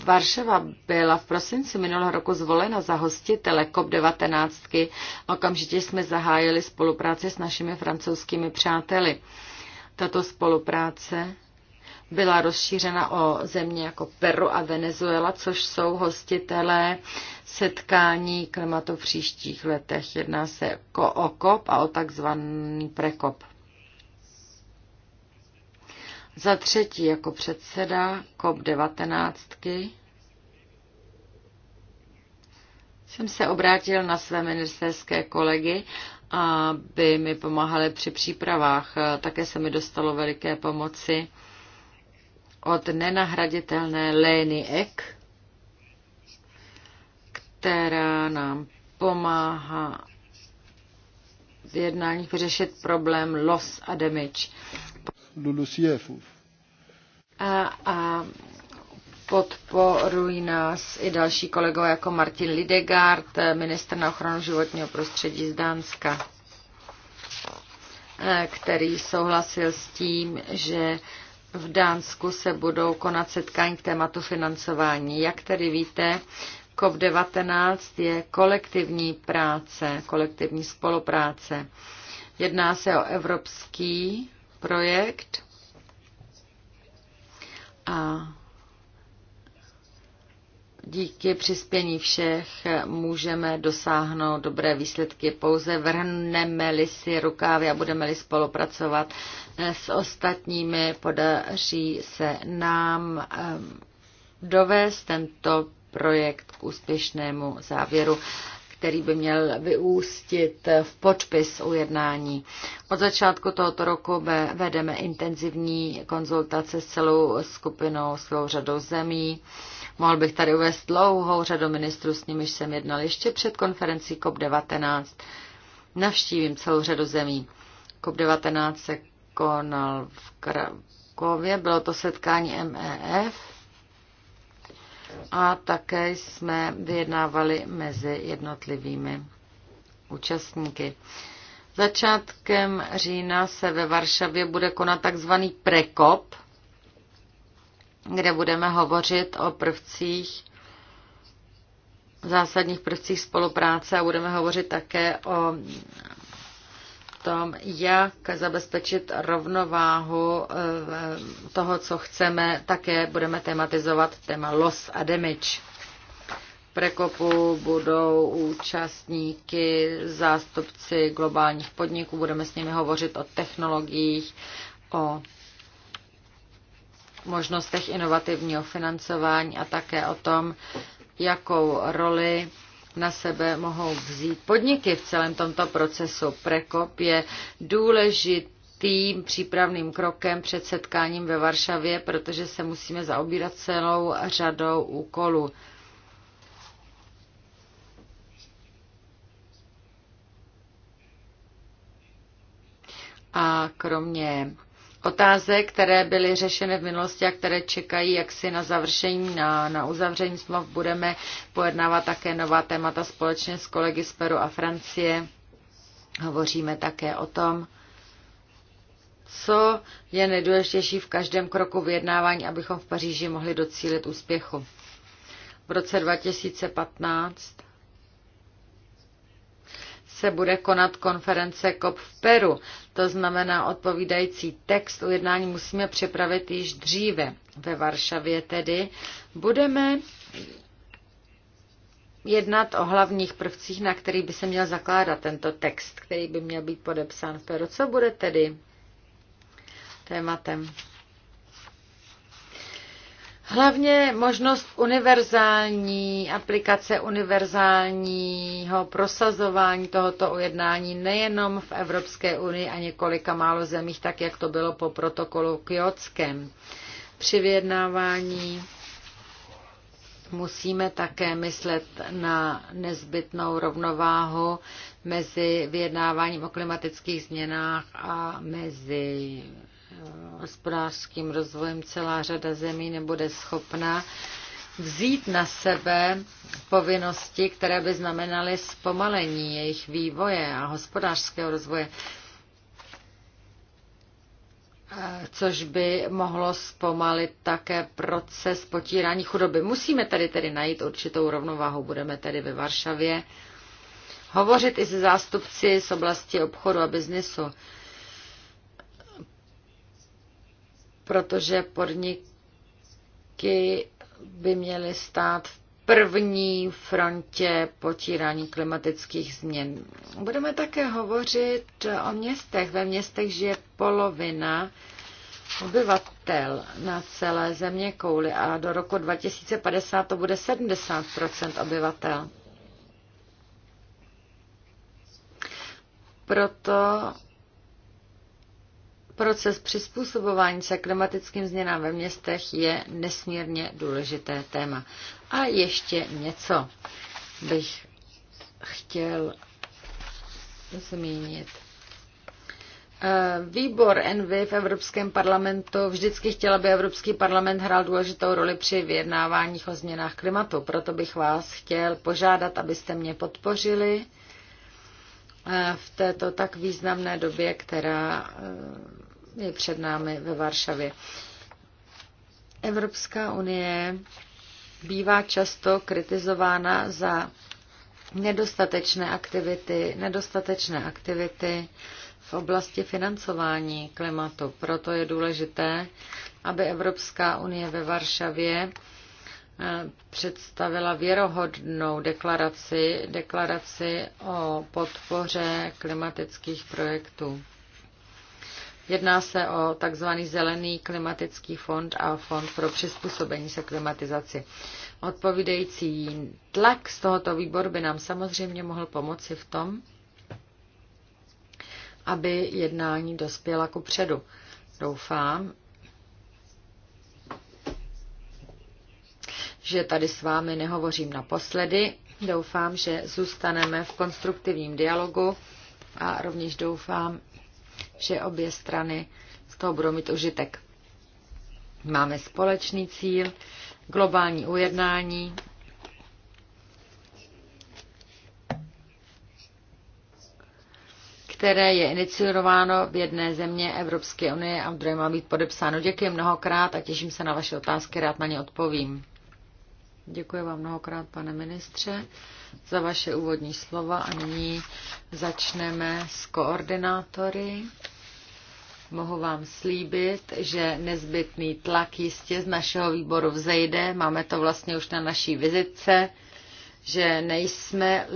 Varšava byla v prosinci minulého roku zvolena za hostitele COP19, okamžitě jsme zahájili spolupráci s našimi francouzskými přáteli. Tato spolupráce byla rozšířena o země jako Peru a Venezuela, což jsou hostitelé setkání klimatu v příštích letech. Jedná se o COP a o takzvaný prekop. Za třetí jako předseda COP19 jsem se obrátil na své ministerské kolegy, aby mi pomáhali při přípravách. Také se mi dostalo veliké pomoci od nenahraditelné Lény Ek, která nám pomáhá v jednáních vyřešit problém loss a damage. LULUCFů. A, a podporují nás i další kolegové jako Martin Lidegard, minister na ochranu životního prostředí z Dánska, eh, který souhlasil s tím, že v Dánsku se budou konat setkání k tématu financování. Jak tedy víte, COP19 je kolektivní práce, kolektivní spolupráce. Jedná se o evropský projekt a díky přispění všech můžeme dosáhnout dobré výsledky. Pouze vrhneme-li si rukávy a budeme-li spolupracovat s ostatními, podaří se nám ehm, dovést tento projekt k úspěšnému závěru který by měl vyústit v podpis ujednání. Od začátku tohoto roku vedeme intenzivní konzultace s celou skupinou, s celou řadou zemí. Mohl bych tady uvést dlouhou řadu ministrů, s nimiž jsem jednal ještě před konferencí COP19. Navštívím celou řadu zemí. COP19 se konal v Krakově, bylo to setkání MEF a také jsme vyjednávali mezi jednotlivými účastníky. Začátkem října se ve Varšavě bude konat takzvaný prekop, kde budeme hovořit o prvcích, zásadních prvcích spolupráce a budeme hovořit také o tom, jak zabezpečit rovnováhu eh, toho, co chceme, také budeme tematizovat téma loss a damage. V prekopu budou účastníky, zástupci globálních podniků, budeme s nimi hovořit o technologiích, o možnostech inovativního financování a také o tom, jakou roli na sebe mohou vzít podniky v celém tomto procesu. Prekop je důležitým přípravným krokem před setkáním ve Varšavě, protože se musíme zaobírat celou řadou úkolů. A kromě otázek, které byly řešeny v minulosti a které čekají jaksi na završení, na, na uzavření smluv, budeme pojednávat také nová témata společně s kolegy z Peru a Francie. Hovoříme také o tom, co je nejdůležitější v každém kroku vyjednávání, abychom v Paříži mohli docílit úspěchu. V roce 2015 se bude konat konference COP v Peru. To znamená, odpovídající text ujednání musíme připravit již dříve. Ve Varšavě tedy budeme jednat o hlavních prvcích, na který by se měl zakládat tento text, který by měl být podepsán v Peru. Co bude tedy tématem? Hlavně možnost univerzální aplikace, univerzálního prosazování tohoto ujednání nejenom v Evropské unii a několika málo zemích, tak jak to bylo po protokolu kyotském. Při vyjednávání musíme také myslet na nezbytnou rovnováhu mezi vyjednáváním o klimatických změnách a mezi hospodářským rozvojem celá řada zemí nebude schopna vzít na sebe povinnosti, které by znamenaly zpomalení jejich vývoje a hospodářského rozvoje, což by mohlo zpomalit také proces potírání chudoby. Musíme tady tedy najít určitou rovnováhu. Budeme tedy ve Varšavě hovořit i se zástupci z oblasti obchodu a biznesu. protože podniky by měly stát v první frontě potírání klimatických změn. Budeme také hovořit o městech. Ve městech žije polovina obyvatel na celé země kouli a do roku 2050 to bude 70 obyvatel. Proto Proces přizpůsobování se klimatickým změnám ve městech je nesmírně důležité téma. A ještě něco bych chtěl zmínit. Výbor Envy v Evropském parlamentu vždycky chtěl, aby Evropský parlament hrál důležitou roli při vyjednáváních o změnách klimatu. Proto bych vás chtěl požádat, abyste mě podpořili v této tak významné době, která je před námi ve Varšavě. Evropská unie bývá často kritizována za nedostatečné aktivity, nedostatečné aktivity v oblasti financování klimatu. Proto je důležité, aby Evropská unie ve Varšavě eh, představila věrohodnou deklaraci, deklaraci o podpoře klimatických projektů. Jedná se o takzvaný zelený klimatický fond a fond pro přizpůsobení se klimatizaci. Odpovídající tlak z tohoto výboru by nám samozřejmě mohl pomoci v tom, aby jednání dospěla ku předu. Doufám, že tady s vámi nehovořím naposledy. Doufám, že zůstaneme v konstruktivním dialogu a rovněž doufám, že obě strany z toho budou mít užitek. Máme společný cíl, globální ujednání, které je iniciováno v jedné země Evropské unie a v druhé má být podepsáno. Děkuji mnohokrát a těším se na vaše otázky, rád na ně odpovím. Děkuji vám mnohokrát, pane ministře, za vaše úvodní slova a nyní začneme s koordinátory. Mohu vám slíbit, že nezbytný tlak jistě z našeho výboru vzejde, máme to vlastně už na naší vizitce, že nejsme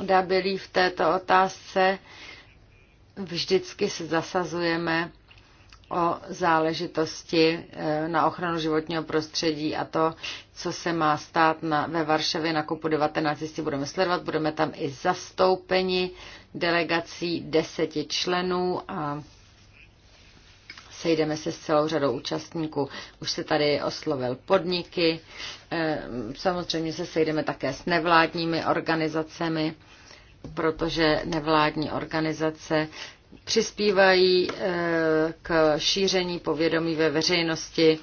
dabilí v této otázce, vždycky se zasazujeme o záležitosti e, na ochranu životního prostředí a to, co se má stát na, ve Varšavě na kopu 19. Jistě budeme sledovat, budeme tam i zastoupeni delegací deseti členů a sejdeme se s celou řadou účastníků. Už se tady oslovil podniky, e, samozřejmě se sejdeme také s nevládními organizacemi, protože nevládní organizace přispívají eh, k šíření povědomí ve veřejnosti.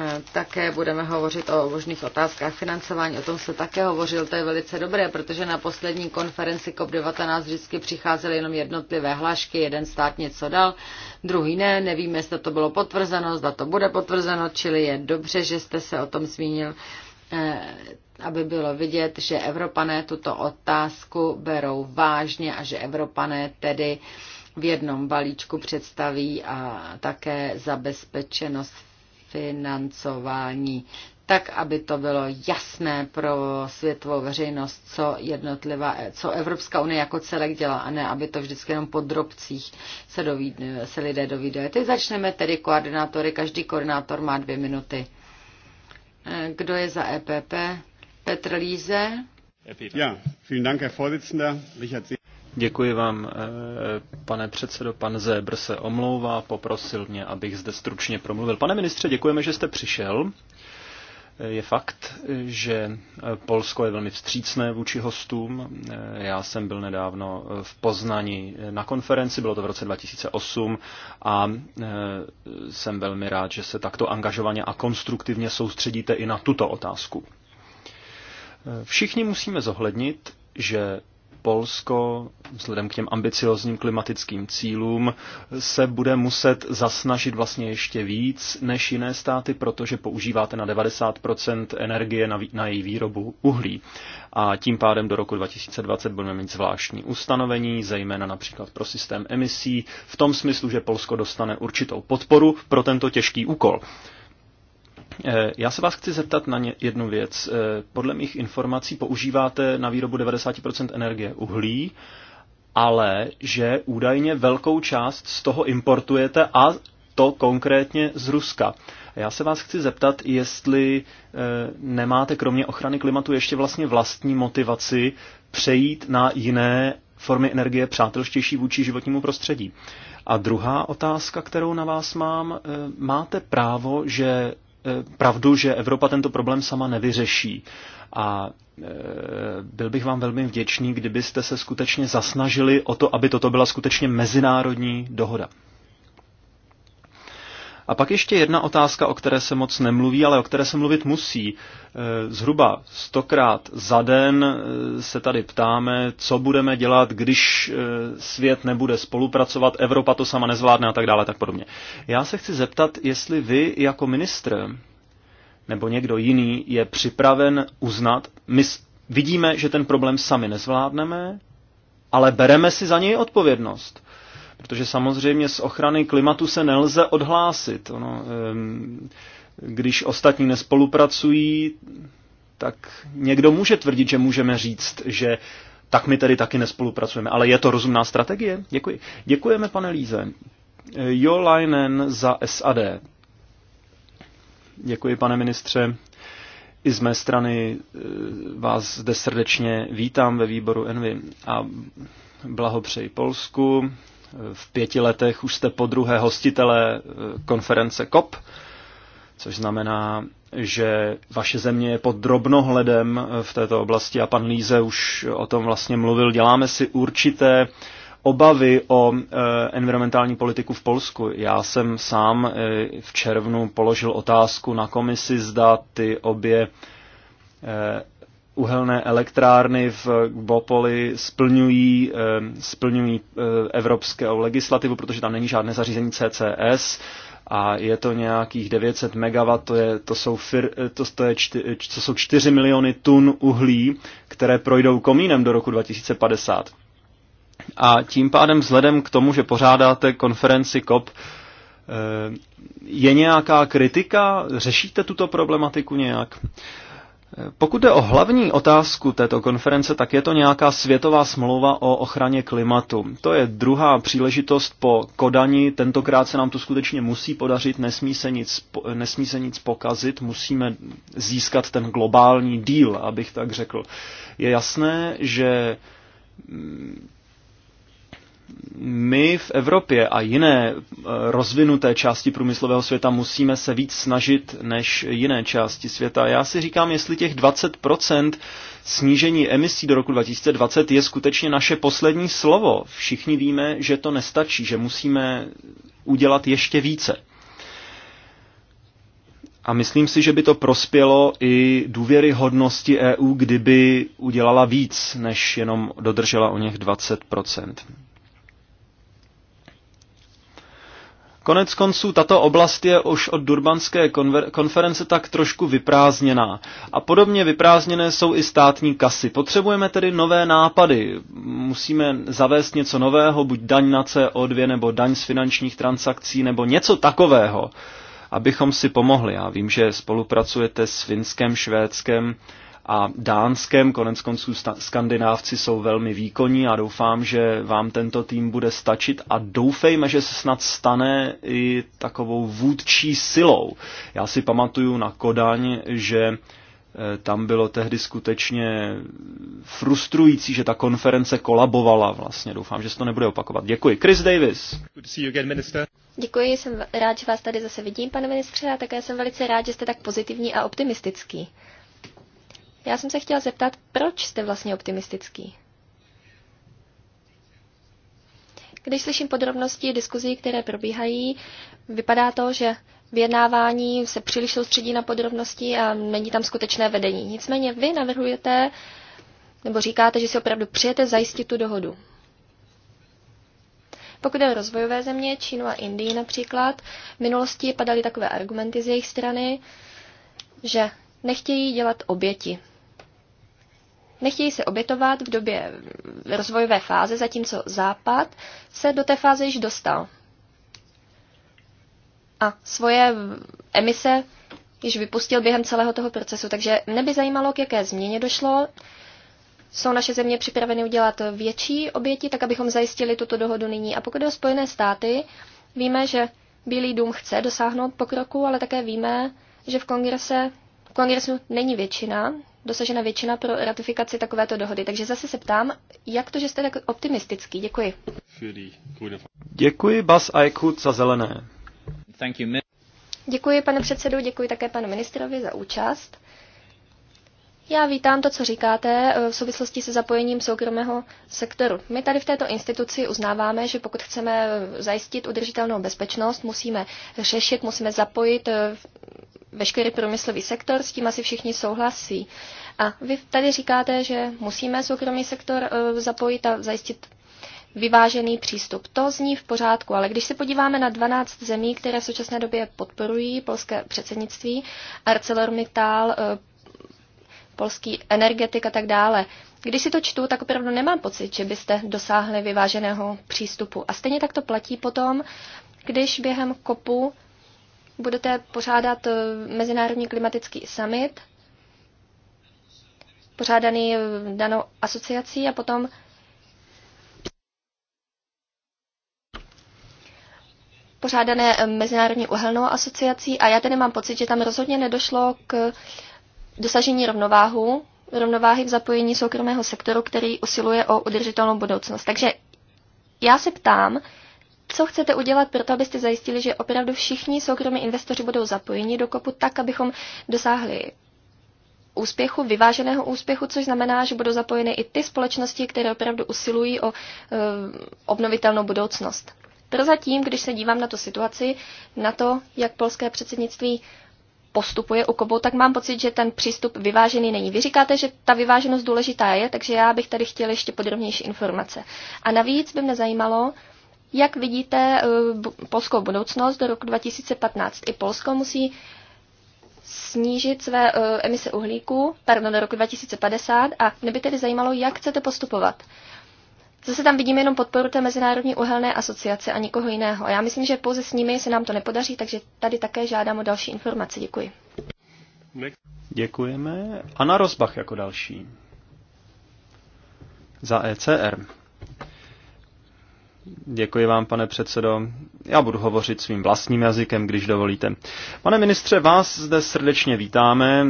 Eh, také budeme hovořit o možných otázkách financování, o tom se také hovořil, to je velice dobré, protože na poslední konferenci COP19 vždycky přicházely jenom jednotlivé hlášky, jeden stát něco dal, druhý ne, nevíme, zda to bylo potvrzeno, zda to bude potvrzeno, čili je dobře, že jste se o tom zmínil. Eh, aby bylo vidět, že Evropané tuto otázku berou vážně a že Evropané tedy v jednom balíčku představí a také zabezpečenost financování tak, aby to bylo jasné pro světovou veřejnost, co jednotlivá, co Evropská unie jako celek dělá, a ne, aby to vždycky jenom po drobcích se, doví, se lidé dovídali. Teď začneme tedy koordinátory, každý koordinátor má dvě minuty. Eh, kdo je za EPP? Petr Líze. Ja, vielen Dank, Herr Vorsitzender. Richard Sie Děkuji vám, eh, pane předsedo. Pan Zebr se omlouvá, poprosil mě, abych zde stručně promluvil. Pane ministře, děkujeme, že jste přišel je fakt, že Polsko je velmi vstřícné vůči hostům. Já jsem byl nedávno v Poznani na konferenci, bylo to v roce 2008 a e, jsem velmi rád, že se takto angažovaně a konstruktivně soustředíte i na tuto otázku. E, všichni musíme zohlednit, že Polsko vzhledem k těm ambiciozním klimatickým cílům se bude muset zasnažit vlastně ještě víc než jiné státy, protože používáte na 90% energie na, na její výrobu uhlí. A tím pádem do roku 2020 budeme mít zvláštní ustanovení, zejména například pro systém emisí, v tom smyslu, že Polsko dostane určitou podporu pro tento těžký úkol. Eh, já se vás chci zeptat na jednu věc. Eh, podle mých informací používáte na výrobu 90% energie uhlí, ale že údajně velkou část z toho importujete a to konkrétně z Ruska. Já se vás chci zeptat, jestli eh, nemáte kromě ochrany klimatu ještě vlastně vlastní motivaci přejít na jiné formy energie přátelštější vůči životnímu prostředí. A druhá otázka, kterou na vás mám, máte právo, že Eh, pravdu, že Evropa tento problém sama nevyřeší. A eh, byl bych vám velmi vděčný, kdybyste se skutečně zasnažili o to, aby toto byla skutečně mezinárodní dohoda. A pak ještě jedna otázka, o které se moc nemluví, ale o které se mluvit musí. E, zhruba stokrát za den e, se tady ptáme, co budeme dělat, když e, svět nebude spolupracovat, Evropa to sama nezvládne a tak dále, tak podobně. Já se chci zeptat, jestli vy jako ministr nebo někdo jiný je připraven uznat, my vidíme, že ten problém sami nezvládneme, ale bereme si za něj odpovědnost. Protože samozřejmě z ochrany klimatu se nelze odhlásit. Ono, když ostatní nespolupracují, tak někdo může tvrdit, že můžeme říct, že tak my tedy taky nespolupracujeme. Ale je to rozumná strategie? Děkuji. Děkujeme, pane Líze. Jo Leinen za SAD. Děkuji, pane ministře. I z mé strany e, vás zde srdečně vítám ve výboru Envy a blahopřeji Polsku v pěti letech už jste po druhé hostitele eh, konference COP, což znamená, že vaše země je pod drobnohledem eh, v této oblasti a pan Líze už o tom vlastně mluvil. Děláme si určité obavy o eh, environmentální politiku v Polsku. Já jsem sám v červnu položil otázku na komisi, zda ty obě uhelné elektrárny v Bopoli splňují, eh, splňují eh, evropskou legislativu, protože tam není žádné zařízení CCS a je to nějakých 900 MW, to, je, to, jsou, fir, eh, to, to, je čty, to jsou 4 miliony tun uhlí, které projdou komínem do roku 2050. A tím pádem vzhledem k tomu, že pořádáte konferenci COP, je nějaká kritika? Řešíte tuto problematiku nějak? Pokud jde o hlavní otázku této konference, tak je to nějaká světová smlouva o ochraně klimatu. To je druhá příležitost po Kodani. Tentokrát se nám to skutečně musí podařit, nesmí se nic, nesmí se nic pokazit, musíme získat ten globální díl, abych tak řekl. Je jasné, že mm, my v Evropě a jiné eh, rozvinuté části průmyslového světa musíme se víc snažit než jiné části světa. Já si říkám, jestli těch 20% snížení emisí do roku 2020 je skutečně naše poslední slovo. Všichni víme, že to nestačí, že musíme udělat ještě více. A myslím si, že by to prospělo i důvěryhodnosti EU, kdyby udělala víc, než jenom dodržela o něch 20 Konec konců tato oblast je už od Durbanské konference tak trošku vyprázněná. A podobně vyprázdněné jsou i státní kasy. Potřebujeme tedy nové nápady. Musíme zavést něco nového, buď daň na CO2 nebo daň z finančních transakcí nebo něco takového, abychom si pomohli. Já vím, že spolupracujete s Finskem, Švédskem, a Dánskem. Konec konců skandinávci jsou velmi výkonní a doufám, že vám tento tým bude stačit a doufejme, že se snad stane i takovou vůdčí silou. Já si pamatuju na Kodaň, že eh, tam bylo tehdy skutečně frustrující, že ta konference kolabovala vlastně. Doufám, že se to nebude opakovat. Děkuji. Chris Davis. Děkuji, jsem rád, že vás tady zase vidím, pane ministře, a také jsem velice rád, že jste tak pozitivní a optimistický. Já jsem se chtěla zeptat, proč jste vlastně optimistický? Když slyším podrobnosti diskuzí, které probíhají, vypadá to, že vyjednávání se příliš soustředí na podrobnosti a není tam skutečné vedení. Nicméně vy navrhujete nebo říkáte, že si opravdu přijete zajistit tu dohodu. Pokud je o rozvojové země, Čínu a Indii například, v minulosti padaly takové argumenty z jejich strany, že nechtějí dělat oběti nechtějí se obětovat v době rozvojové fáze, zatímco Západ se do té fáze již dostal. A svoje emise již vypustil během celého toho procesu, takže by zajímalo, k jaké změně došlo. Jsou naše země připraveny udělat větší oběti, tak abychom zajistili tuto dohodu nyní. A pokud je o Spojené státy, víme, že Bílý dům chce dosáhnout pokroku, ale také víme, že v kongrese v kongresu není většina dosažena většina pro ratifikaci takovéto dohody. Takže zase se ptám, jak to, že jste tak optimistický? Děkuji. Děkuji Bas Aikud za zelené. Děkuji, pane předsedu, děkuji také panu ministrovi za účast. Já vítám to, co říkáte eh, v souvislosti se zapojením soukromého sektoru. My tady v této instituci uznáváme, že pokud chceme eh, zajistit udržitelnou bezpečnost, musíme řešit, musíme zapojit eh, veškerý průmyslový sektor, s tím asi všichni souhlasí. A vy tady říkáte, že musíme soukromý sektor e, zapojit a zajistit vyvážený přístup. To zní v pořádku, ale když se podíváme na 12 zemí, které v současné době podporují polské předsednictví, ArcelorMittal, e, polský energetik a tak dále, když si to čtu, tak opravdu nemám pocit, že byste dosáhli vyváženého přístupu. A stejně tak to platí potom, když během kopu budete pořádat eh, Mezinárodní klimatický summit, pořádaný eh, danou asociací a potom pořádané eh, Mezinárodní uhelnou asociací a já tedy mám pocit, že tam rozhodně nedošlo k dosažení rovnováhu, rovnováhy v zapojení soukromého sektoru, který usiluje o udržitelnou budoucnost. Takže já se ptám, co chcete udělat pro to, abyste zajistili, že opravdu všichni soukromí investoři budou zapojeni do kopu tak, abychom dosáhli úspěchu, vyváženého úspěchu, což znamená, že budou zapojeny i ty společnosti, které opravdu usilují o e, obnovitelnou budoucnost. Prozatím, když se dívám na tu situaci, na to, jak polské předsednictví postupuje u kobou, tak mám pocit, že ten přístup vyvážený není. Vy říkáte, že ta vyváženost důležitá je, takže já bych tady chtěla ještě podrobnější informace. A navíc by mě zajímalo, jak vidíte eh, polskou budoucnost do roku 2015? I Polsko musí snížit své eh, emise uhlíku, pardon, do roku 2050 a mě by tedy zajímalo, jak chcete postupovat. Zase tam vidíme jenom podporu té Mezinárodní uhelné asociace a nikoho jiného. A já myslím, že pouze s nimi se nám to nepodaří, takže tady také žádám o další informace. Děkuji. Děkujeme. Anna Rozbach jako další. Za ECR. Děkuji vám, pane předsedo. Já budu hovořit svým vlastním jazykem, když dovolíte. Pane ministře, vás zde srdečně vítáme.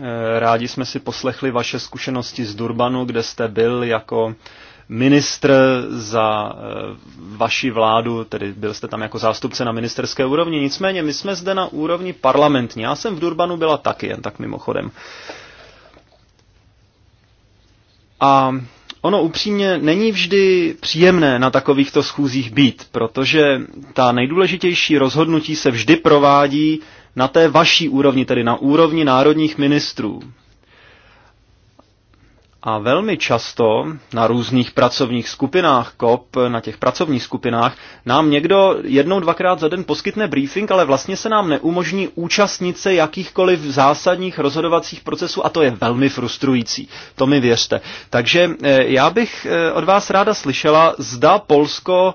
Eh, rádi jsme si poslechli vaše zkušenosti z Durbanu, kde jste byl jako ministr za eh, vaši vládu, tedy byl jste tam jako zástupce na ministerské úrovni. Nicméně my jsme zde na úrovni parlamentní. Já jsem v Durbanu byla taky, jen tak mimochodem. A Ono upřímně není vždy příjemné na takovýchto schůzích být, protože ta nejdůležitější rozhodnutí se vždy provádí na té vaší úrovni, tedy na úrovni národních ministrů. A velmi často na různých pracovních skupinách COP, na těch pracovních skupinách, nám někdo jednou, dvakrát za den poskytne briefing, ale vlastně se nám neumožní účastnit se jakýchkoliv zásadních rozhodovacích procesů a to je velmi frustrující. To mi věřte. Takže eh, já bych eh, od vás ráda slyšela, zda Polsko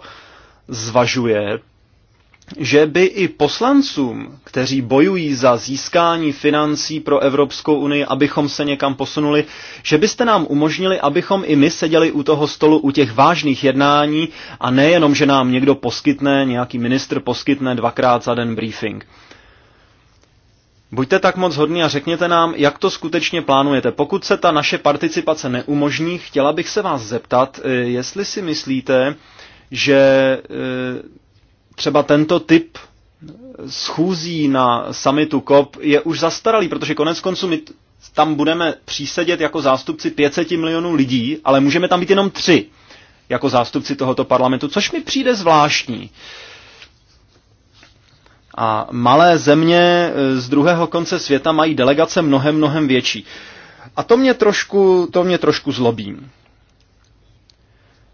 zvažuje že by i poslancům, kteří bojují za získání financí pro Evropskou unii, abychom se někam posunuli, že byste nám umožnili, abychom i my seděli u toho stolu u těch vážných jednání a nejenom, že nám někdo poskytne, nějaký ministr poskytne dvakrát za den briefing. Buďte tak moc hodní a řekněte nám, jak to skutečně plánujete. Pokud se ta naše participace neumožní, chtěla bych se vás zeptat, eh, jestli si myslíte, že eh, třeba tento typ schůzí na summitu COP je už zastaralý, protože konec konců my tam budeme přísedět jako zástupci 500 milionů lidí, ale můžeme tam být jenom tři jako zástupci tohoto parlamentu, což mi přijde zvláštní. A malé země eh, z druhého konce světa mají delegace mnohem, mnohem větší. A to mě trošku, to mě trošku zlobí.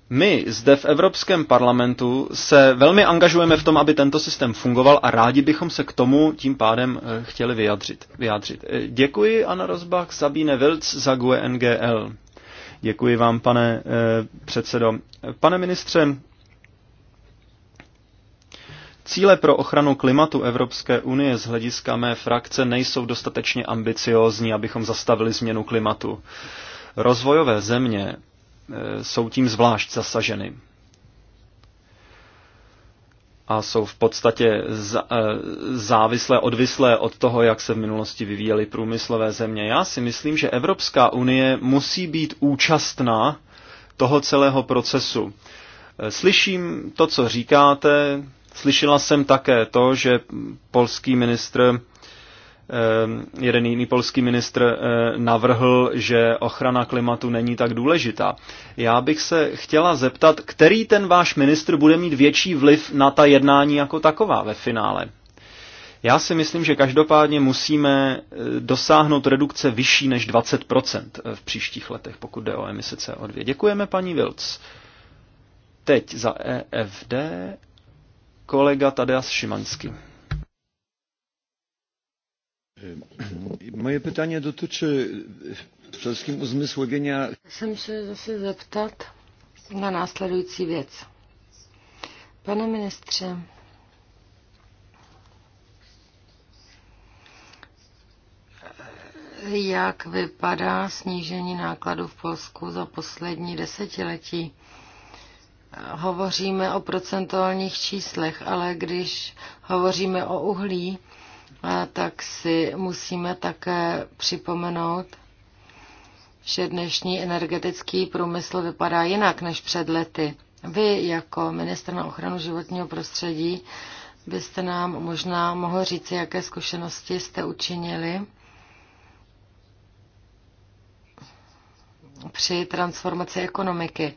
My zde v Evropském parlamentu se velmi angažujeme v tom, aby tento systém fungoval a rádi bychom se k tomu tím pádem eh, chtěli vyjadřit. vyjádřit. Eh, děkuji Anna Rozbach, Sabine Wilc za GUE NGL. Děkuji vám, pane eh, předsedo. Pane ministře, Cíle pro ochranu klimatu Evropské unie z hlediska mé frakce nejsou dostatečně ambiciózní, abychom zastavili změnu klimatu. Rozvojové země Eh, jsou tím zvlášť zasaženy. A jsou v podstatě eh, závislé, odvislé od toho, jak se v minulosti vyvíjely průmyslové země. Já si myslím, že Evropská unie musí být účastná toho celého procesu. Eh, slyším to, co říkáte, Slyšela jsem také to, že polský ministr Ehm, jeden jiný polský ministr eh, navrhl, že ochrana klimatu není tak důležitá. Já bych se chtěla zeptat, který ten váš ministr bude mít větší vliv na ta jednání jako taková ve finále? Já si myslím, že každopádně musíme eh, dosáhnout redukce vyšší než 20% eh, v příštích letech, pokud jde o emise CO2. Děkujeme, paní Vilc. Teď za EFD kolega Tadeas Šimanský. Ehm, <clears throat> moje pytanie dotyczy e, przede wszystkim uzmysłowienia. Chcę się zase zeptat na následující věc. Pane ministře, jak vypadá snížení nákladů v Polsku za poslední desetiletí? Hovoříme o procentuálních číslech, ale když hovoříme o uhlí, a tak si musíme také připomenout, že dnešní energetický průmysl vypadá jinak než před lety. Vy jako minister na ochranu životního prostředí byste nám možná mohl říci, jaké zkušenosti jste učinili při transformaci ekonomiky.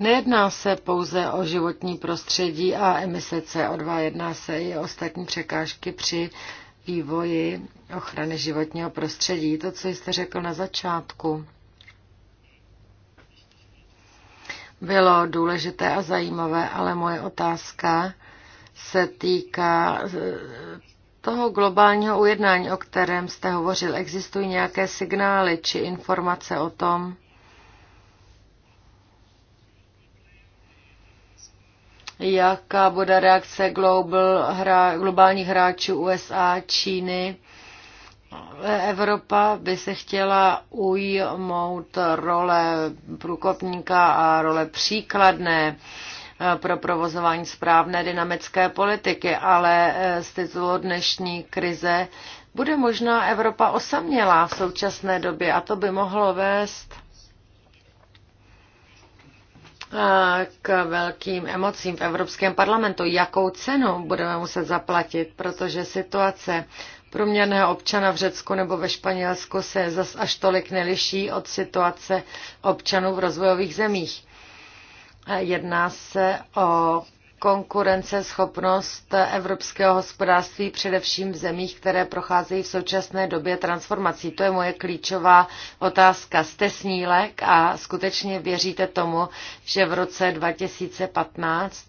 Nejedná se pouze o životní prostředí a emise CO2, jedná se i o ostatní překážky při vývoji ochrany životního prostředí. To, co jste řekl na začátku, bylo důležité a zajímavé, ale moje otázka se týká eh, toho globálního ujednání, o kterém jste hovořil. Existují nějaké signály či informace o tom, jaká bude reakce global, hra, globálních hráčů USA, Číny. Evropa by se chtěla ujmout role průkopníka a role příkladné eh, pro provozování správné dynamické politiky, ale eh, z titulu dnešní krize bude možná Evropa osamělá v současné době a to by mohlo vést k velkým emocím v Evropském parlamentu. Jakou cenu budeme muset zaplatit, protože situace průměrného občana v Řecku nebo ve Španělsku se zas až tolik neliší od situace občanů v rozvojových zemích. Jedná se o konkurenceschopnost evropského hospodářství především v zemích, které procházejí v současné době transformací? To je moje klíčová otázka. Jste snílek a skutečně věříte tomu, že v roce 2015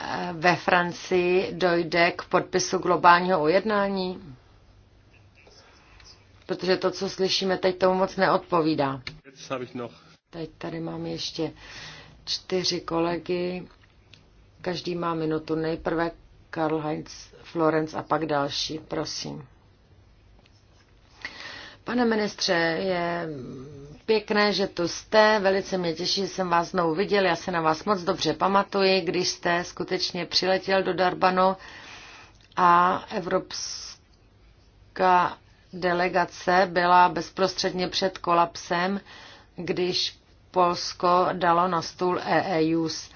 eh, ve Francii dojde k podpisu globálního ujednání? Protože to, co slyšíme teď, tomu moc neodpovídá. Teď tady mám ještě čtyři kolegy Každý má minutu. Nejprve Karl Heinz Florenc a pak další. Prosím. Pane ministře, je pěkné, že tu jste. Velice mě těší, že jsem vás znovu viděl. Já se na vás moc dobře pamatuji, když jste skutečně přiletěl do Darbanu a evropská delegace byla bezprostředně před kolapsem, když Polsko dalo na stůl EEUS.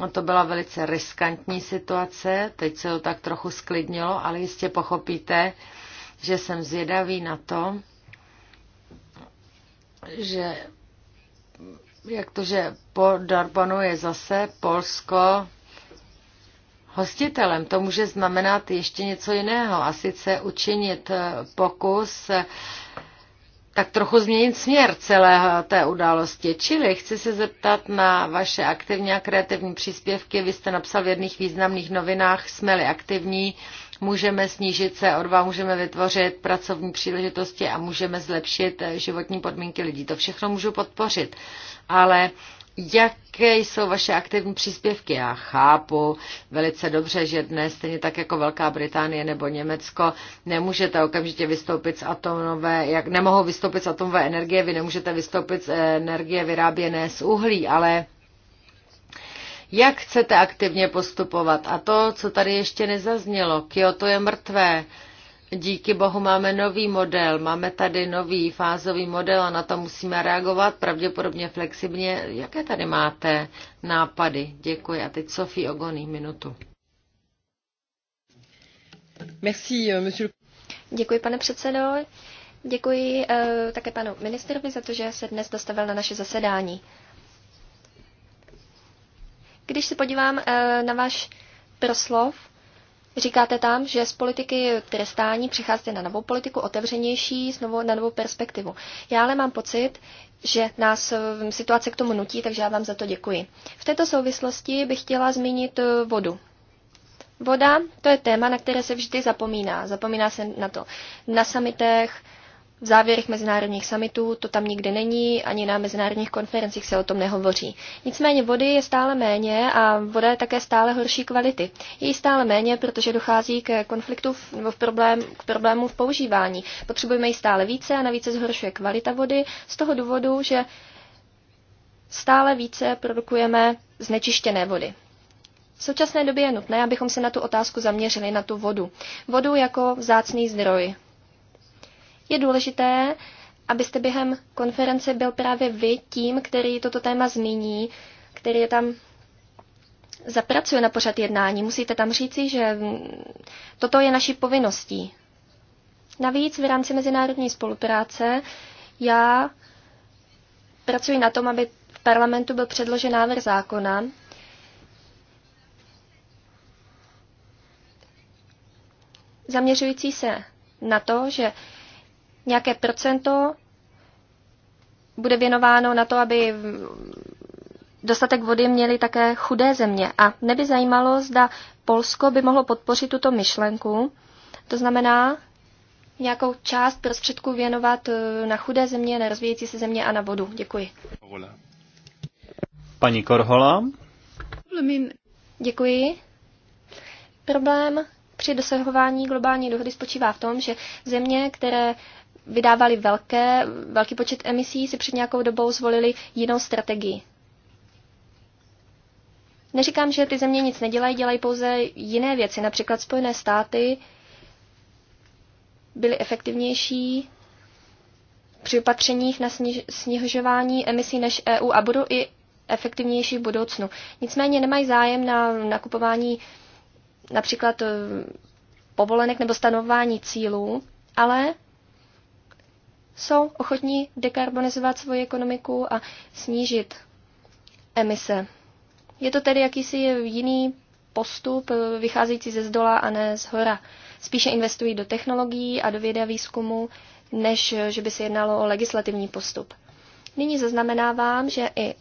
No, to byla velice riskantní situace, teď se to tak trochu sklidnilo, ale jistě pochopíte, že jsem zvědavý na to, že jak to, že po Darbanu je zase Polsko hostitelem. To může znamenat ještě něco jiného a sice učinit pokus tak trochu změnit směr celé té události. Čili chci se zeptat na vaše aktivní a kreativní příspěvky. Vy jste napsal v jedných významných novinách, jsme-li aktivní, můžeme snížit se o dva, můžeme vytvořit pracovní příležitosti a můžeme zlepšit životní podmínky lidí. To všechno můžu podpořit. Ale Jaké jsou vaše aktivní příspěvky? Já chápu velice dobře, že dnes, stejně tak jako Velká Británie nebo Německo, nemůžete okamžitě vystoupit z atomové, jak nemohou vystoupit z atomové energie, vy nemůžete vystoupit z energie vyráběné z uhlí, ale jak chcete aktivně postupovat? A to, co tady ještě nezaznělo, Kyoto je mrtvé. Díky bohu máme nový model, máme tady nový fázový model a na to musíme reagovat pravděpodobně flexibně. Jaké tady máte nápady? Děkuji. A teď Sofie Ogoný, minutu. Merci, euh, monsieur. Děkuji, pane předsedo. Děkuji uh, také panu ministerovi za to, že se dnes dostavil na naše zasedání. Když se podívám uh, na váš proslov, Říkáte tam, že z politiky trestání přicházíte na novou politiku, otevřenější, znovu na novou perspektivu. Já ale mám pocit, že nás mm, situace k tomu nutí, takže já vám za to děkuji. V této souvislosti bych chtěla zmínit eh, vodu. Voda, to je téma, na které se vždy zapomíná. Zapomíná se na to na samitech, v závěrech mezinárodních summitů, to tam nikdy není, ani na mezinárodních konferencích se o tom nehovoří. Nicméně vody je stále méně a voda je také stále horší kvality. Je jí stále méně, protože dochází k konfliktu v, nebo v problém, k problému v používání. Potřebujeme ji stále více a navíc se zhoršuje kvalita vody z toho důvodu, že stále více produkujeme znečištěné vody. V současné době je nutné, abychom se na tu otázku zaměřili, na tu vodu. Vodu jako vzácný zdroj, je důležité, abyste během konference byl právě vy tím, který toto téma zmíní, který je tam zapracuje na pořad jednání. Musíte tam říci, že mm, toto je naší povinností. Navíc v rámci mezinárodní spolupráce já pracuji na tom, aby v parlamentu byl předložen návrh zákona, zaměřující se na to, že nějaké procento bude věnováno na to, aby dostatek vody měly také chudé země. A mě by zajímalo, zda Polsko by mohlo podpořit tuto myšlenku, to znamená nějakou část prostředků věnovat eh, na chudé země, na rozvíjející se země a na vodu. Děkuji. Paní Korhola. Děkuji. Problém při dosahování globální dohody spočívá v tom, že země, které vydávali velké, velký počet emisí, si před nějakou dobou zvolili jinou strategii. Neříkám, že ty země nic nedělají, dělají pouze jiné věci. Například Spojené státy byly efektivnější při opatřeních na snižování emisí než EU a budou i efektivnější v budoucnu. Nicméně nemají zájem na nakupování například eh, povolenek nebo stanování cílů, ale jsou ochotní dekarbonizovat svoji ekonomiku a snížit emise. Je to tedy jakýsi jiný postup, eh, vycházející ze zdola a ne z hora. Spíše investují do technologií a do vědy a výzkumu, než eh, že by se jednalo o legislativní postup. Nyní zaznamenávám, že i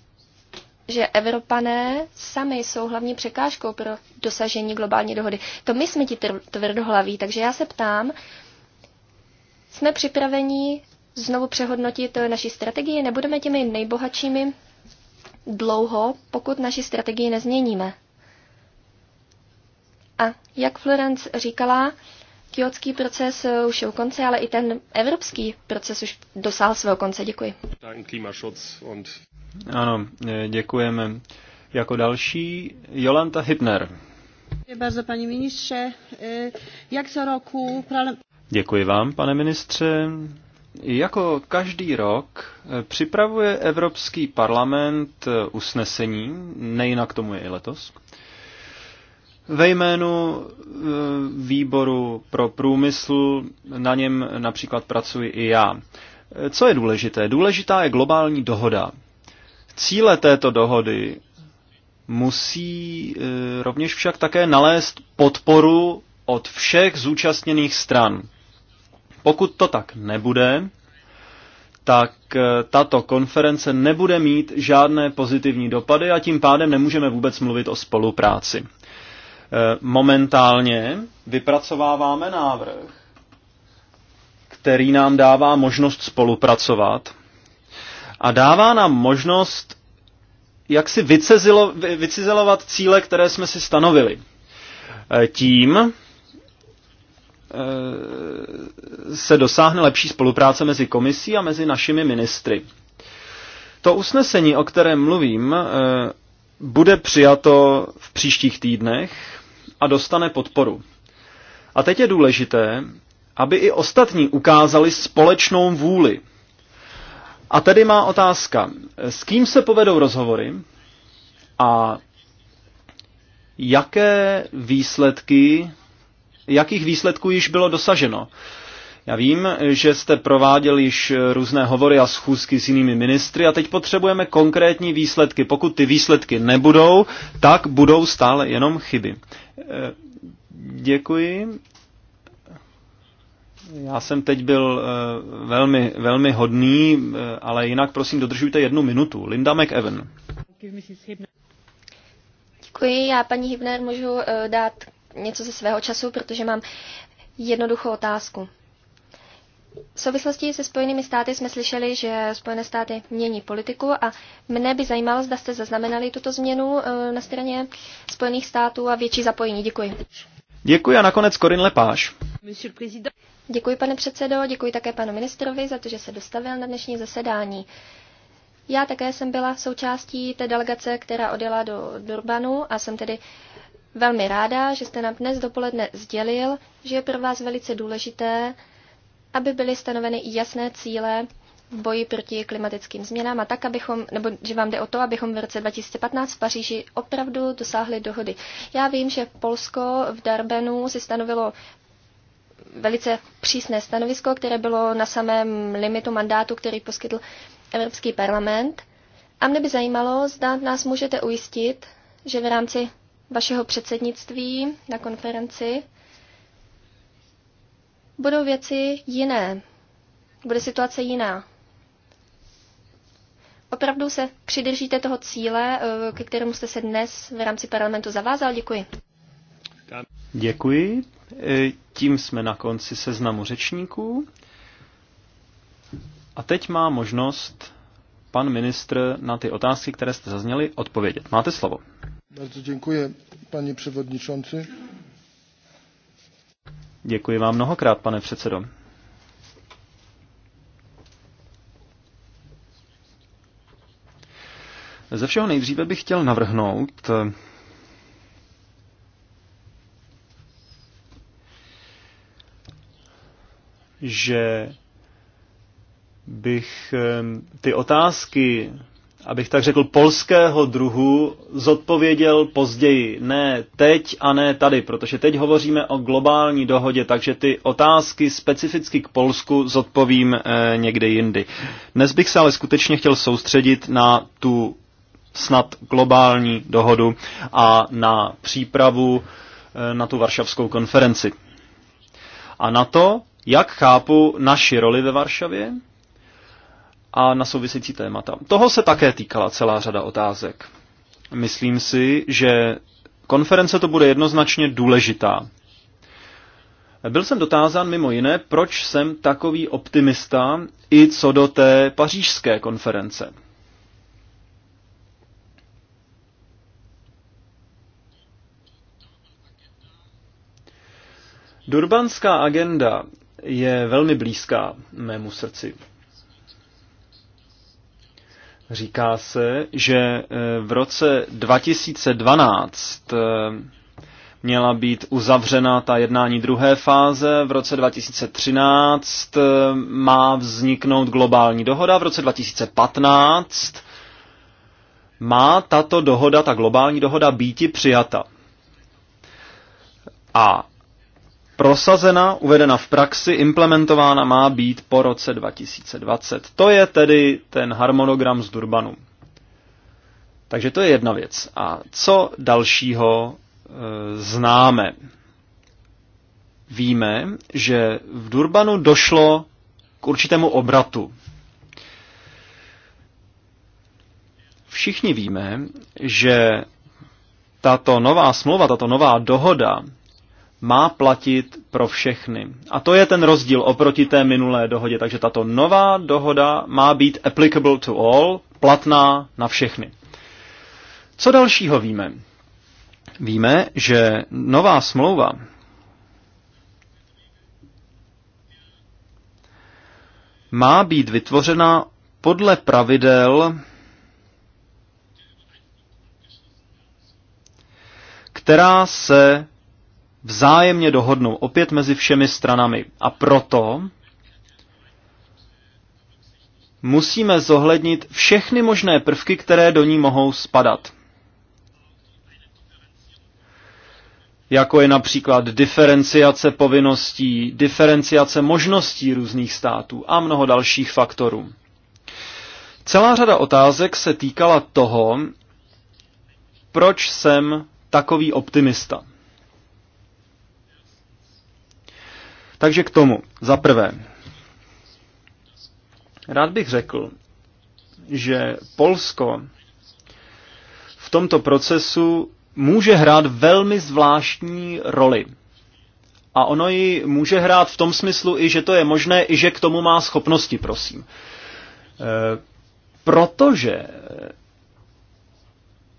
že Evropané sami jsou hlavní překážkou pro dosažení globální dohody. To my jsme ti tvrdohlaví, takže já se ptám, jsme připraveni znovu přehodnotit eh, naši strategii. Nebudeme těmi nejbohatšími dlouho, pokud naši strategii nezměníme. A jak Florence říkala, Kyotský proces eh, už je u konce, ale i ten evropský proces už dosáhl svého konce. Děkuji. Ano, eh, děkujeme. Jako další Jolanta Hipner. Jak Děkuji vám, pane ministře. Jako každý rok eh, připravuje Evropský parlament eh, usnesení, nejinak tomu je i letos, ve jménu eh, výboru pro průmysl, na něm například pracuji i já. Co je důležité? Důležitá je globální dohoda. Cíle této dohody musí rovněž však také nalézt podporu od všech zúčastněných stran. Pokud to tak nebude, tak eh, tato konference nebude mít žádné pozitivní dopady a tím pádem nemůžeme vůbec mluvit o spolupráci. Eh, momentálně vypracováváme návrh, který nám dává možnost spolupracovat a dává nám možnost jak si vycizelovat cíle, které jsme si stanovili. Eh, tím, Eh, se dosáhne lepší spolupráce mezi komisí a mezi našimi ministry. To usnesení, o kterém mluvím, eh, bude přijato v příštích týdnech a dostane podporu. A teď je důležité, aby i ostatní ukázali společnou vůli. A tedy má otázka, s kým se povedou rozhovory a jaké výsledky jakých výsledků již bylo dosaženo. Já vím, že jste prováděl již různé hovory a schůzky s jinými ministry a teď potřebujeme konkrétní výsledky. Pokud ty výsledky nebudou, tak budou stále jenom chyby. Eh, děkuji. Já jsem teď byl eh, velmi, velmi hodný, eh, ale jinak prosím dodržujte jednu minutu. Linda McEwen. Děkuji, já paní Hibner můžu dát něco ze svého času, protože mám jednoduchou otázku. V souvislosti se Spojenými státy jsme slyšeli, že Spojené státy mění politiku a mne by zajímalo, zda jste zaznamenali tuto změnu eh, na straně Spojených států a větší zapojení. Děkuji. Děkuji a nakonec Korin Lepáš. Děkuji, pane předsedo, děkuji také panu ministrovi za to, že se dostavil na dnešní zasedání. Já také jsem byla součástí té delegace, která odjela do Durbanu a jsem tedy velmi ráda, že jste nám dnes dopoledne sdělil, že je pro vás velice důležité, aby byly stanoveny jasné cíle v boji proti klimatickým změnám a tak, abychom, nebo že vám jde o to, abychom v roce 2015 v Paříži opravdu dosáhli dohody. Já vím, že Polsko v Darbenu si stanovilo velice přísné stanovisko, které bylo na samém limitu mandátu, který poskytl Evropský parlament. A mě by zajímalo, zda nás můžete ujistit, že v rámci vašeho předsednictví na konferenci budou věci jiné. Bude situace jiná. Opravdu se přidržíte toho cíle, eh, ke kterému jste se dnes v rámci parlamentu zavázal? Děkuji. Děkuji. Eh, tím jsme na konci seznamu řečníků. A teď má možnost pan ministr na ty otázky, které jste zazněli, odpovědět. Máte slovo děkuji, Děkuji vám mnohokrát, pane předsedo. Ze všeho nejdříve bych chtěl navrhnout že bych eh, ty otázky abych tak řekl, polského druhu zodpověděl později. Ne teď a ne tady, protože teď hovoříme o globální dohodě, takže ty otázky specificky k Polsku zodpovím e, někde jindy. Dnes bych se ale skutečně chtěl soustředit na tu snad globální dohodu a na přípravu e, na tu varšavskou konferenci. A na to, jak chápu naši roli ve Varšavě a na související témata. Toho se také týkala celá řada otázek. Myslím si, že konference to bude jednoznačně důležitá. Byl jsem dotázán mimo jiné, proč jsem takový optimista i co do té pařížské konference. Durbanská agenda je velmi blízká mému srdci. Říká se, že e, v roce 2012 e, měla být uzavřena ta jednání druhé fáze. V roce 2013 e, má vzniknout globální dohoda. V roce 2015 má tato dohoda, ta globální dohoda, býti přijata. A prosazena, uvedena v praxi, implementována má být po roce 2020. To je tedy ten harmonogram z Durbanu. Takže to je jedna věc. A co dalšího e, známe? Víme, že v Durbanu došlo k určitému obratu. Všichni víme, že tato nová smlouva, tato nová dohoda má platit pro všechny. A to je ten rozdíl oproti té minulé dohodě. Takže tato nová dohoda má být applicable to all, platná na všechny. Co dalšího víme? Víme, že nová smlouva má být vytvořena podle pravidel, která se vzájemně dohodnou, opět mezi všemi stranami. A proto musíme zohlednit všechny možné prvky, které do ní mohou spadat. Jako je například diferenciace povinností, diferenciace možností různých států a mnoho dalších faktorů. Celá řada otázek se týkala toho, proč jsem takový optimista. Takže k tomu. Za prvé, rád bych řekl, že Polsko v tomto procesu může hrát velmi zvláštní roli. A ono ji může hrát v tom smyslu i, že to je možné, i že k tomu má schopnosti, prosím. E, protože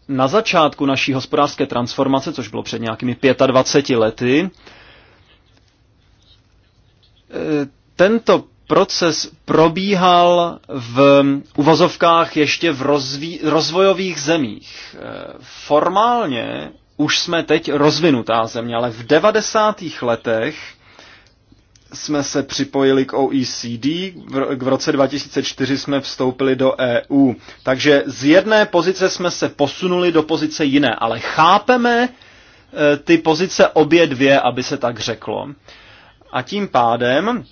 na začátku naší hospodářské transformace, což bylo před nějakými 25 lety, tento proces probíhal v uvozovkách ještě v rozví, rozvojových zemích. Formálně už jsme teď rozvinutá země, ale v 90. letech jsme se připojili k OECD, v roce 2004 jsme vstoupili do EU. Takže z jedné pozice jsme se posunuli do pozice jiné, ale chápeme eh, ty pozice obě dvě, aby se tak řeklo. A tím pádem,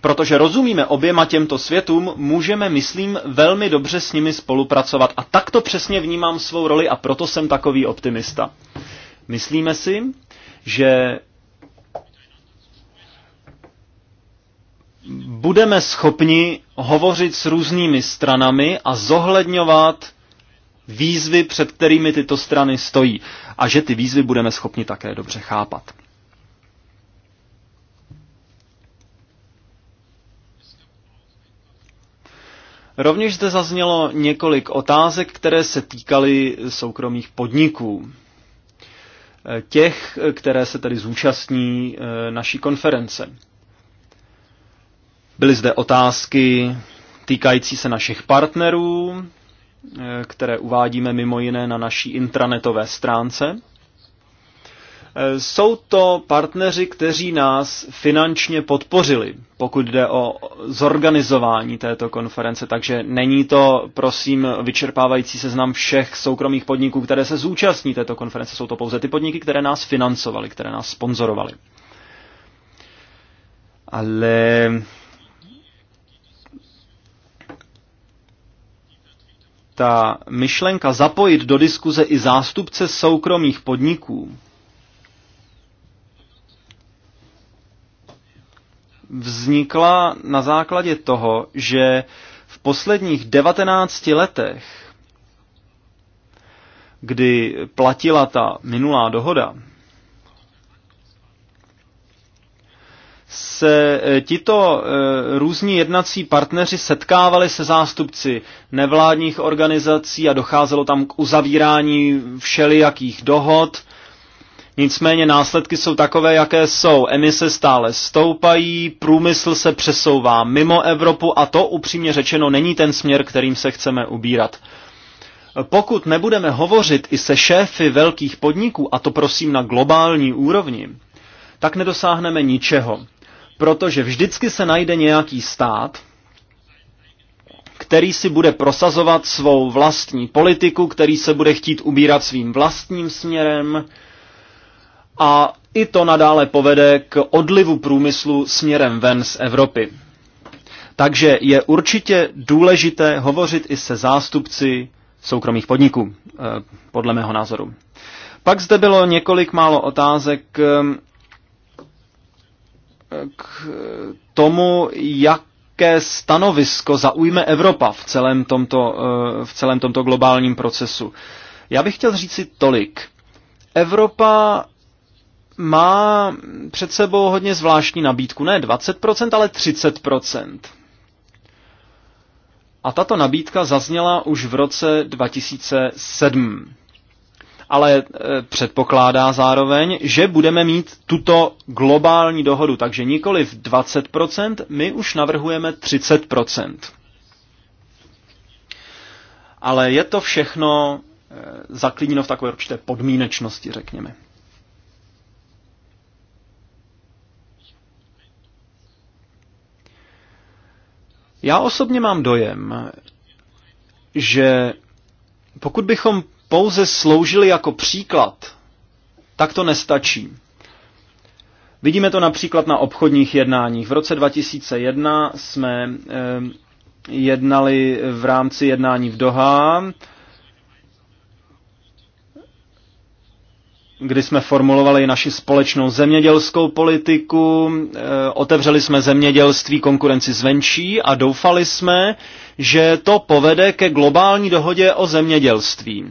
protože rozumíme oběma těmto světům, můžeme, myslím, velmi dobře s nimi spolupracovat. A takto přesně vnímám svou roli a proto jsem takový optimista. Myslíme si, že budeme schopni hovořit s různými stranami a zohledňovat výzvy, před kterými tyto strany stojí. A že ty výzvy budeme schopni také dobře chápat. Rovněž zde zaznělo několik otázek, které se týkaly soukromých podniků. Eh, těch, které se tady zúčastní eh, naší konference. Byly zde otázky týkající se našich partnerů, eh, které uvádíme mimo jiné na naší intranetové stránce. Eh, jsou to partneři, kteří nás finančně podpořili, pokud jde o zorganizování této konference, takže není to, prosím, vyčerpávající seznam všech soukromých podniků, které se zúčastní této konference. Jsou to pouze ty podniky, které nás financovaly, které nás sponzorovaly. Ale ta myšlenka zapojit do diskuze i zástupce soukromých podniků, vznikla na základě toho, že v posledních 19 letech, kdy platila ta minulá dohoda, se eh, tito eh, různí jednací partneři setkávali se zástupci nevládních organizací a docházelo tam k uzavírání všelijakých dohod Nicméně následky jsou takové, jaké jsou. Emise stále stoupají, průmysl se přesouvá mimo Evropu a to upřímně řečeno není ten směr, kterým se chceme ubírat. Pokud nebudeme hovořit i se šéfy velkých podniků, a to prosím na globální úrovni, tak nedosáhneme ničeho. Protože vždycky se najde nějaký stát, který si bude prosazovat svou vlastní politiku, který se bude chtít ubírat svým vlastním směrem, a i to nadále povede k odlivu průmyslu směrem ven z Evropy. Takže je určitě důležité hovořit i se zástupci soukromých podniků, eh, podle mého názoru. Pak zde bylo několik málo otázek eh, k tomu, jaké stanovisko zaujme Evropa v celém tomto, eh, v celém tomto globálním procesu. Já bych chtěl říct si tolik. Evropa má před sebou hodně zvláštní nabídku. Ne 20%, ale 30%. A tato nabídka zazněla už v roce 2007. Ale e, předpokládá zároveň, že budeme mít tuto globální dohodu, takže nikoli v 20%, my už navrhujeme 30%. Ale je to všechno e, zaklíněno v takové určité podmínečnosti, řekněme. Já osobně mám dojem, že pokud bychom pouze sloužili jako příklad, tak to nestačí. Vidíme to například na obchodních jednáních. V roce 2001 jsme eh, jednali v rámci jednání v Doha kdy jsme formulovali naši společnou zemědělskou politiku, eh, otevřeli jsme zemědělství konkurenci zvenčí a doufali jsme, že to povede ke globální dohodě o zemědělství.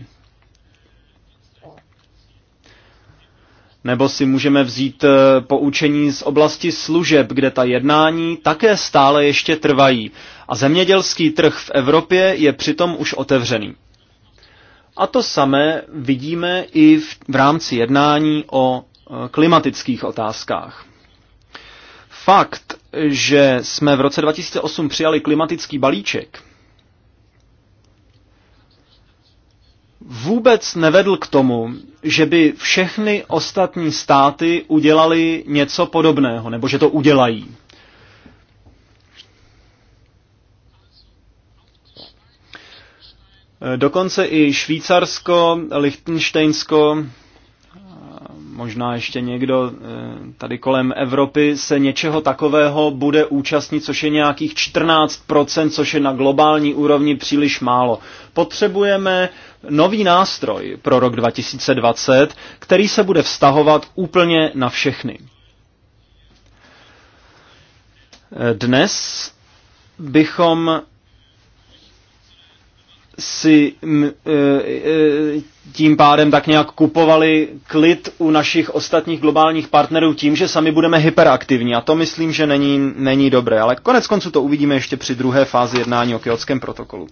Nebo si můžeme vzít eh, poučení z oblasti služeb, kde ta jednání také stále ještě trvají. A zemědělský trh v Evropě je přitom už otevřený. A to samé vidíme i v, v rámci jednání o e, klimatických otázkách. Fakt, že jsme v roce 2008 přijali klimatický balíček, vůbec nevedl k tomu, že by všechny ostatní státy udělali něco podobného, nebo že to udělají. Eh, dokonce i Švýcarsko, Lichtensteinsko, eh, možná ještě někdo eh, tady kolem Evropy se něčeho takového bude účastnit, což je nějakých 14%, což je na globální úrovni příliš málo. Potřebujeme nový nástroj pro rok 2020, který se bude vztahovat úplně na všechny. Dnes bychom si e, e, tím pádem tak nějak kupovali klid u našich ostatních globálních partnerů tím, že sami budeme hyperaktivní. A to myslím, že není, není dobré. Ale konec konců to uvidíme ještě při druhé fázi jednání o kyotském protokolu.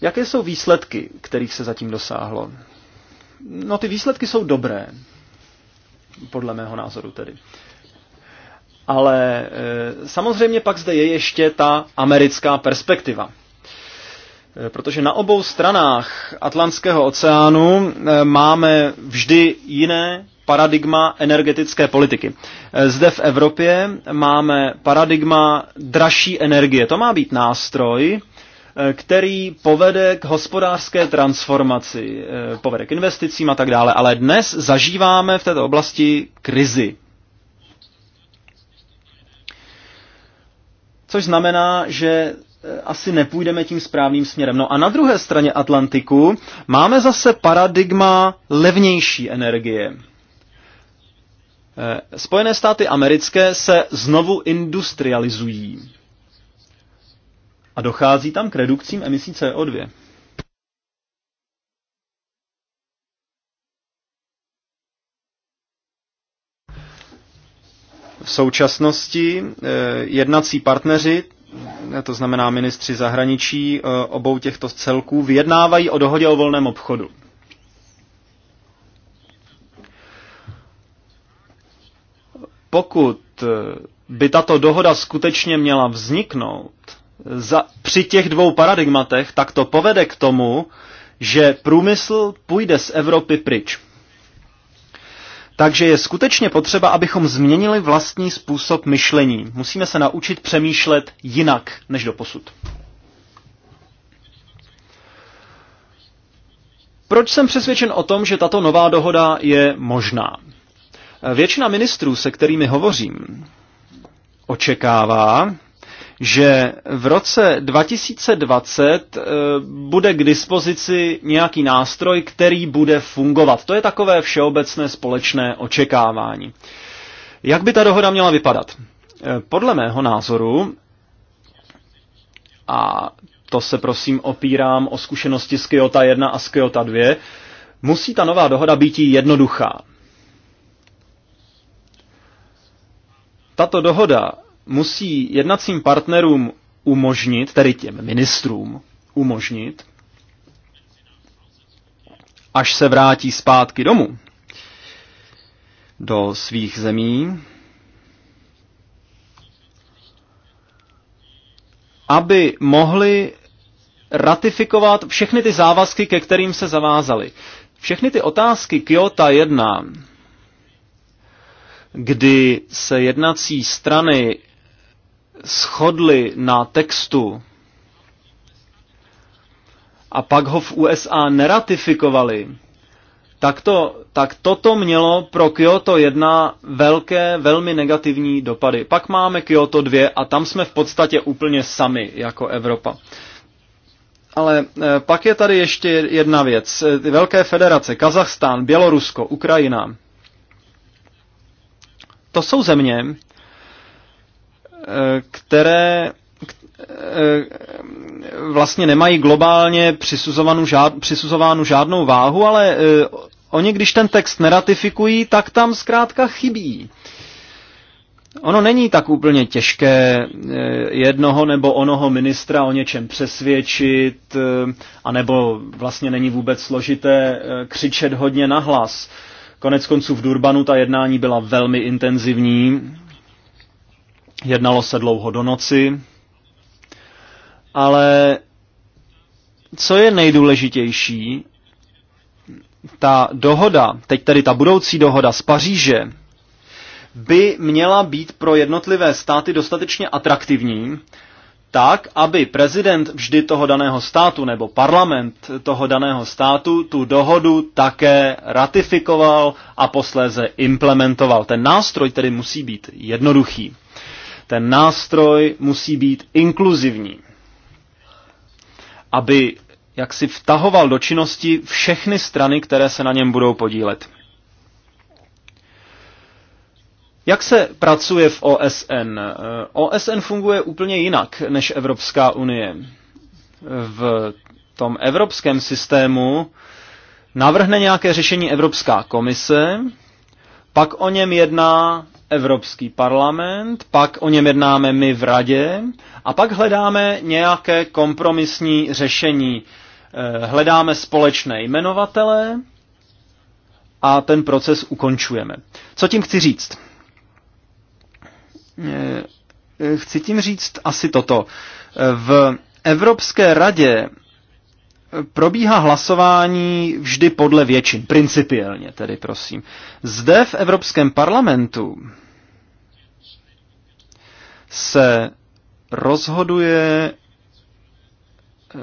Jaké jsou výsledky, kterých se zatím dosáhlo? No ty výsledky jsou dobré, podle mého názoru tedy. Ale e, samozřejmě pak zde je ještě ta americká perspektiva. E, protože na obou stranách Atlantského oceánu e, máme vždy jiné paradigma energetické politiky. E, zde v Evropě máme paradigma dražší energie. To má být nástroj, který povede k hospodářské transformaci, eh, povede k investicím a tak dále. Ale dnes zažíváme v této oblasti krizi. Což znamená, že eh, asi nepůjdeme tím správným směrem. No a na druhé straně Atlantiku máme zase paradigma levnější energie. Eh, Spojené státy americké se znovu industrializují a dochází tam k redukcím emisí CO2. V současnosti eh, jednací partneři, eh, to znamená ministři zahraničí eh, obou těchto celků, vyjednávají o dohodě o volném obchodu. Pokud by tato dohoda skutečně měla vzniknout, za, při těch dvou paradigmatech, tak to povede k tomu, že průmysl půjde z Evropy pryč. Takže je skutečně potřeba, abychom změnili vlastní způsob myšlení. Musíme se naučit přemýšlet jinak než do posud. Proč jsem přesvědčen o tom, že tato nová dohoda je možná? Většina ministrů, se kterými hovořím, očekává, že v roce 2020 eh, bude k dispozici nějaký nástroj, který bude fungovat. To je takové všeobecné společné očekávání. Jak by ta dohoda měla vypadat? Eh, podle mého názoru, a to se prosím opírám o zkušenosti z Kyoto 1 a z Kyoto 2, musí ta nová dohoda být jednoduchá. Tato dohoda musí jednacím partnerům umožnit, tedy těm ministrům umožnit, až se vrátí zpátky domů do svých zemí, aby mohli ratifikovat všechny ty závazky, ke kterým se zavázali. Všechny ty otázky Kyoto 1, kdy se jednací strany shodli na textu a pak ho v USA neratifikovali, tak, to, tak toto mělo pro Kyoto 1 velké, velmi negativní dopady. Pak máme Kyoto 2 a tam jsme v podstatě úplně sami jako Evropa. Ale e, pak je tady ještě jedna věc. E, ty velké federace, Kazachstán, Bělorusko, Ukrajina, to jsou země, které eh, vlastně nemají globálně přisuzovanou, žád, přisuzovanou žádnou váhu, ale eh, oni, když ten text neratifikují, tak tam zkrátka chybí. Ono není tak úplně těžké eh, jednoho nebo onoho ministra o něčem přesvědčit, anebo vlastně není vůbec složité křičet hodně nahlas. Konec konců v Durbanu ta jednání byla velmi intenzivní, Jednalo se dlouho do noci, ale co je nejdůležitější, ta dohoda, teď tedy ta budoucí dohoda z Paříže, by měla být pro jednotlivé státy dostatečně atraktivní, tak, aby prezident vždy toho daného státu nebo parlament toho daného státu tu dohodu také ratifikoval a posléze implementoval. Ten nástroj tedy musí být jednoduchý. Ten nástroj musí být inkluzivní, aby jak si vtahoval do činnosti všechny strany, které se na něm budou podílet. Jak se pracuje v OSN? Eh, OSN funguje úplně jinak než Evropská unie. V tom evropském systému navrhne nějaké řešení Evropská komise, pak o něm jedná Evropský parlament, pak o něm jednáme my v radě a pak hledáme nějaké kompromisní řešení. Eh, hledáme společné jmenovatele a ten proces ukončujeme. Co tím chci říct? Eh, eh, chci tím říct asi toto. V Evropské radě probíhá hlasování vždy podle většin, principiálně tedy, prosím. Zde v Evropském parlamentu se rozhoduje eh,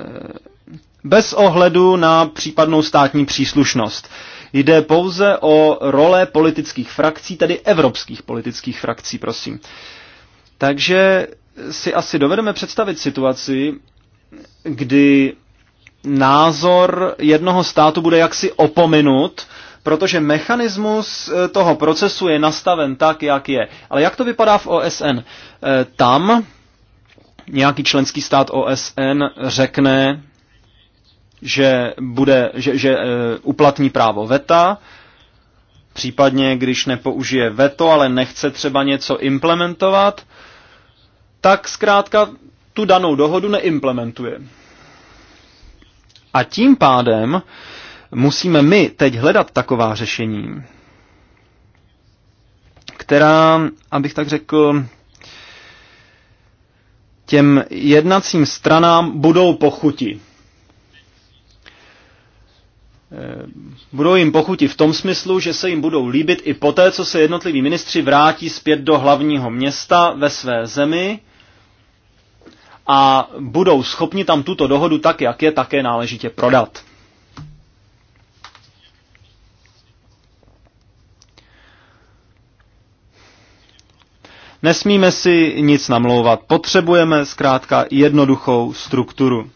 bez ohledu na případnou státní příslušnost. Jde pouze o role politických frakcí, tedy evropských politických frakcí, prosím. Takže si asi dovedeme představit situaci, kdy názor jednoho státu bude jaksi opominut, protože mechanismus e, toho procesu je nastaven tak, jak je. Ale jak to vypadá v OSN? E, tam nějaký členský stát OSN řekne, že, bude, že, že e, uplatní právo VETA, případně když nepoužije veto, ale nechce třeba něco implementovat, tak zkrátka tu danou dohodu neimplementuje. A tím pádem musíme my teď hledat taková řešení, která, abych tak řekl, těm jednacím stranám budou pochuti. Eh, budou jim pochuti v tom smyslu, že se jim budou líbit i poté, co se jednotliví ministři vrátí zpět do hlavního města ve své zemi a budou schopni tam tuto dohodu tak, jak je, také náležitě prodat. Nesmíme si nic namlouvat, potřebujeme zkrátka jednoduchou strukturu.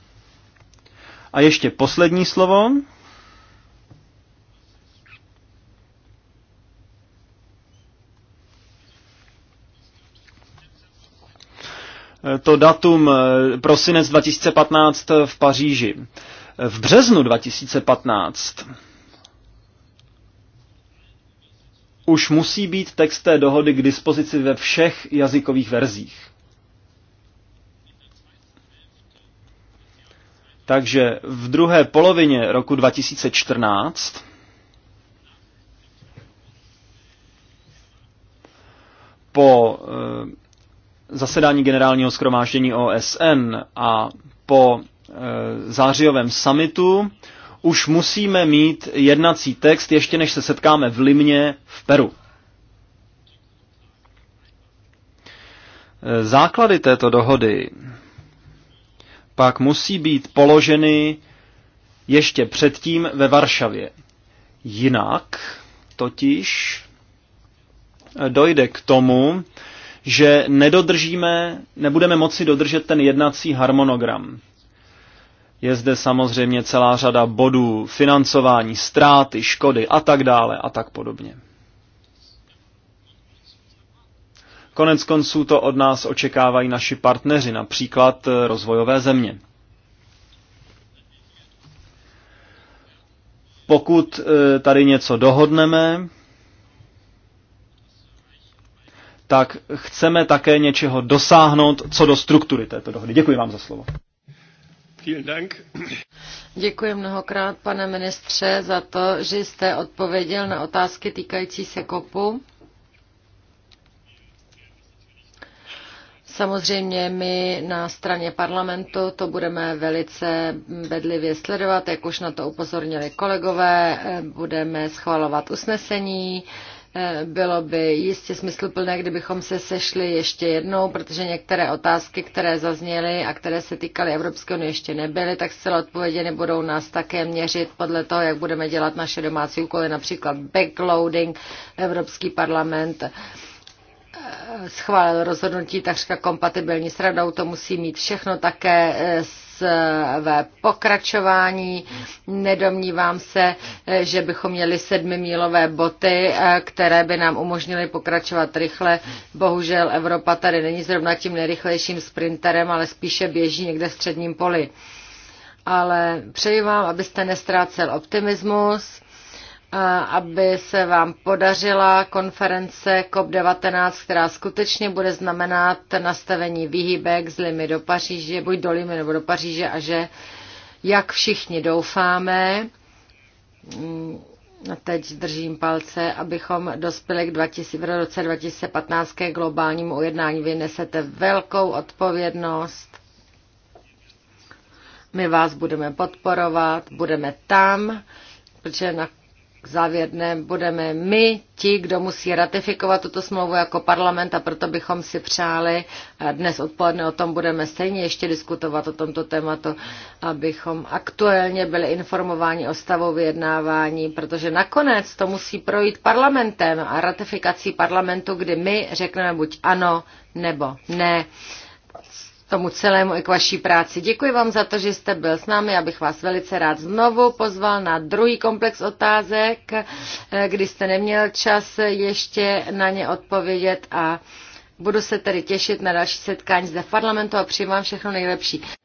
A ještě poslední slovo. to datum eh, prosinec 2015 v Paříži. V březnu 2015 už musí být text té dohody k dispozici ve všech jazykových verzích. Takže v druhé polovině roku 2014 po eh, zasedání generálního schromáždění OSN a po e, zářijovém summitu už musíme mít jednací text, ještě než se setkáme v Limně v Peru. E, základy této dohody pak musí být položeny ještě předtím ve Varšavě. Jinak totiž dojde k tomu, že nedodržíme, nebudeme moci dodržet ten jednací harmonogram. Je zde samozřejmě celá řada bodů financování, ztráty, škody a tak dále a tak podobně. Konec konců to od nás očekávají naši partneři, například eh, rozvojové země. Pokud eh, tady něco dohodneme, tak chceme také něčeho dosáhnout co do struktury této dohody. Děkuji vám za slovo. Děkuji mnohokrát, pane ministře, za to, že jste odpověděl na otázky týkající se kopu. Samozřejmě my na straně parlamentu to budeme velice bedlivě sledovat, jak už na to upozornili kolegové, budeme schvalovat usnesení Eh, bylo by jistě smysluplné, kdybychom se sešli ještě jednou, protože některé otázky, které zazněly a které se týkaly Evropské unie, ještě nebyly, tak zcela odpověděny budou nás také měřit podle toho, jak budeme dělat naše domácí úkoly, například backloading, Evropský parlament eh, schválil rozhodnutí takřka kompatibilní s radou, to musí mít všechno také eh, s své pokračování. Nedomnívám se, že bychom měli sedmimílové boty, eh, které by nám umožnily pokračovat rychle. Bohužel Evropa tady není zrovna tím nejrychlejším sprinterem, ale spíše běží někde v středním poli. Ale přeji vám, abyste nestrácel optimismus aby se vám podařila konference COP19, která skutečně bude znamenat nastavení výhybek z Limy do Paříže, buď do Limy nebo do Paříže a že, jak všichni doufáme, mm, teď držím palce, abychom dospěli k 2000, v roce 2015 ke globálnímu ujednání. Vy nesete velkou odpovědnost. My vás budeme podporovat, budeme tam, protože na závěr dne budeme my ti, kdo musí ratifikovat tuto smlouvu jako parlament a proto bychom si přáli, dnes odpoledne o tom budeme stejně ještě diskutovat o tomto tématu, abychom aktuálně byli informováni o stavu vyjednávání, protože nakonec to musí projít parlamentem a ratifikací parlamentu, kdy my řekneme buď ano nebo ne tomu celému i k vaší práci. Děkuji vám za to, že jste byl s námi. Já bych vás velice rád znovu pozval na druhý komplex otázek, eh, kdy jste neměl čas ještě na ně odpovědět a budu se tedy těšit na další setkání zde v parlamentu a přeji vám všechno nejlepší.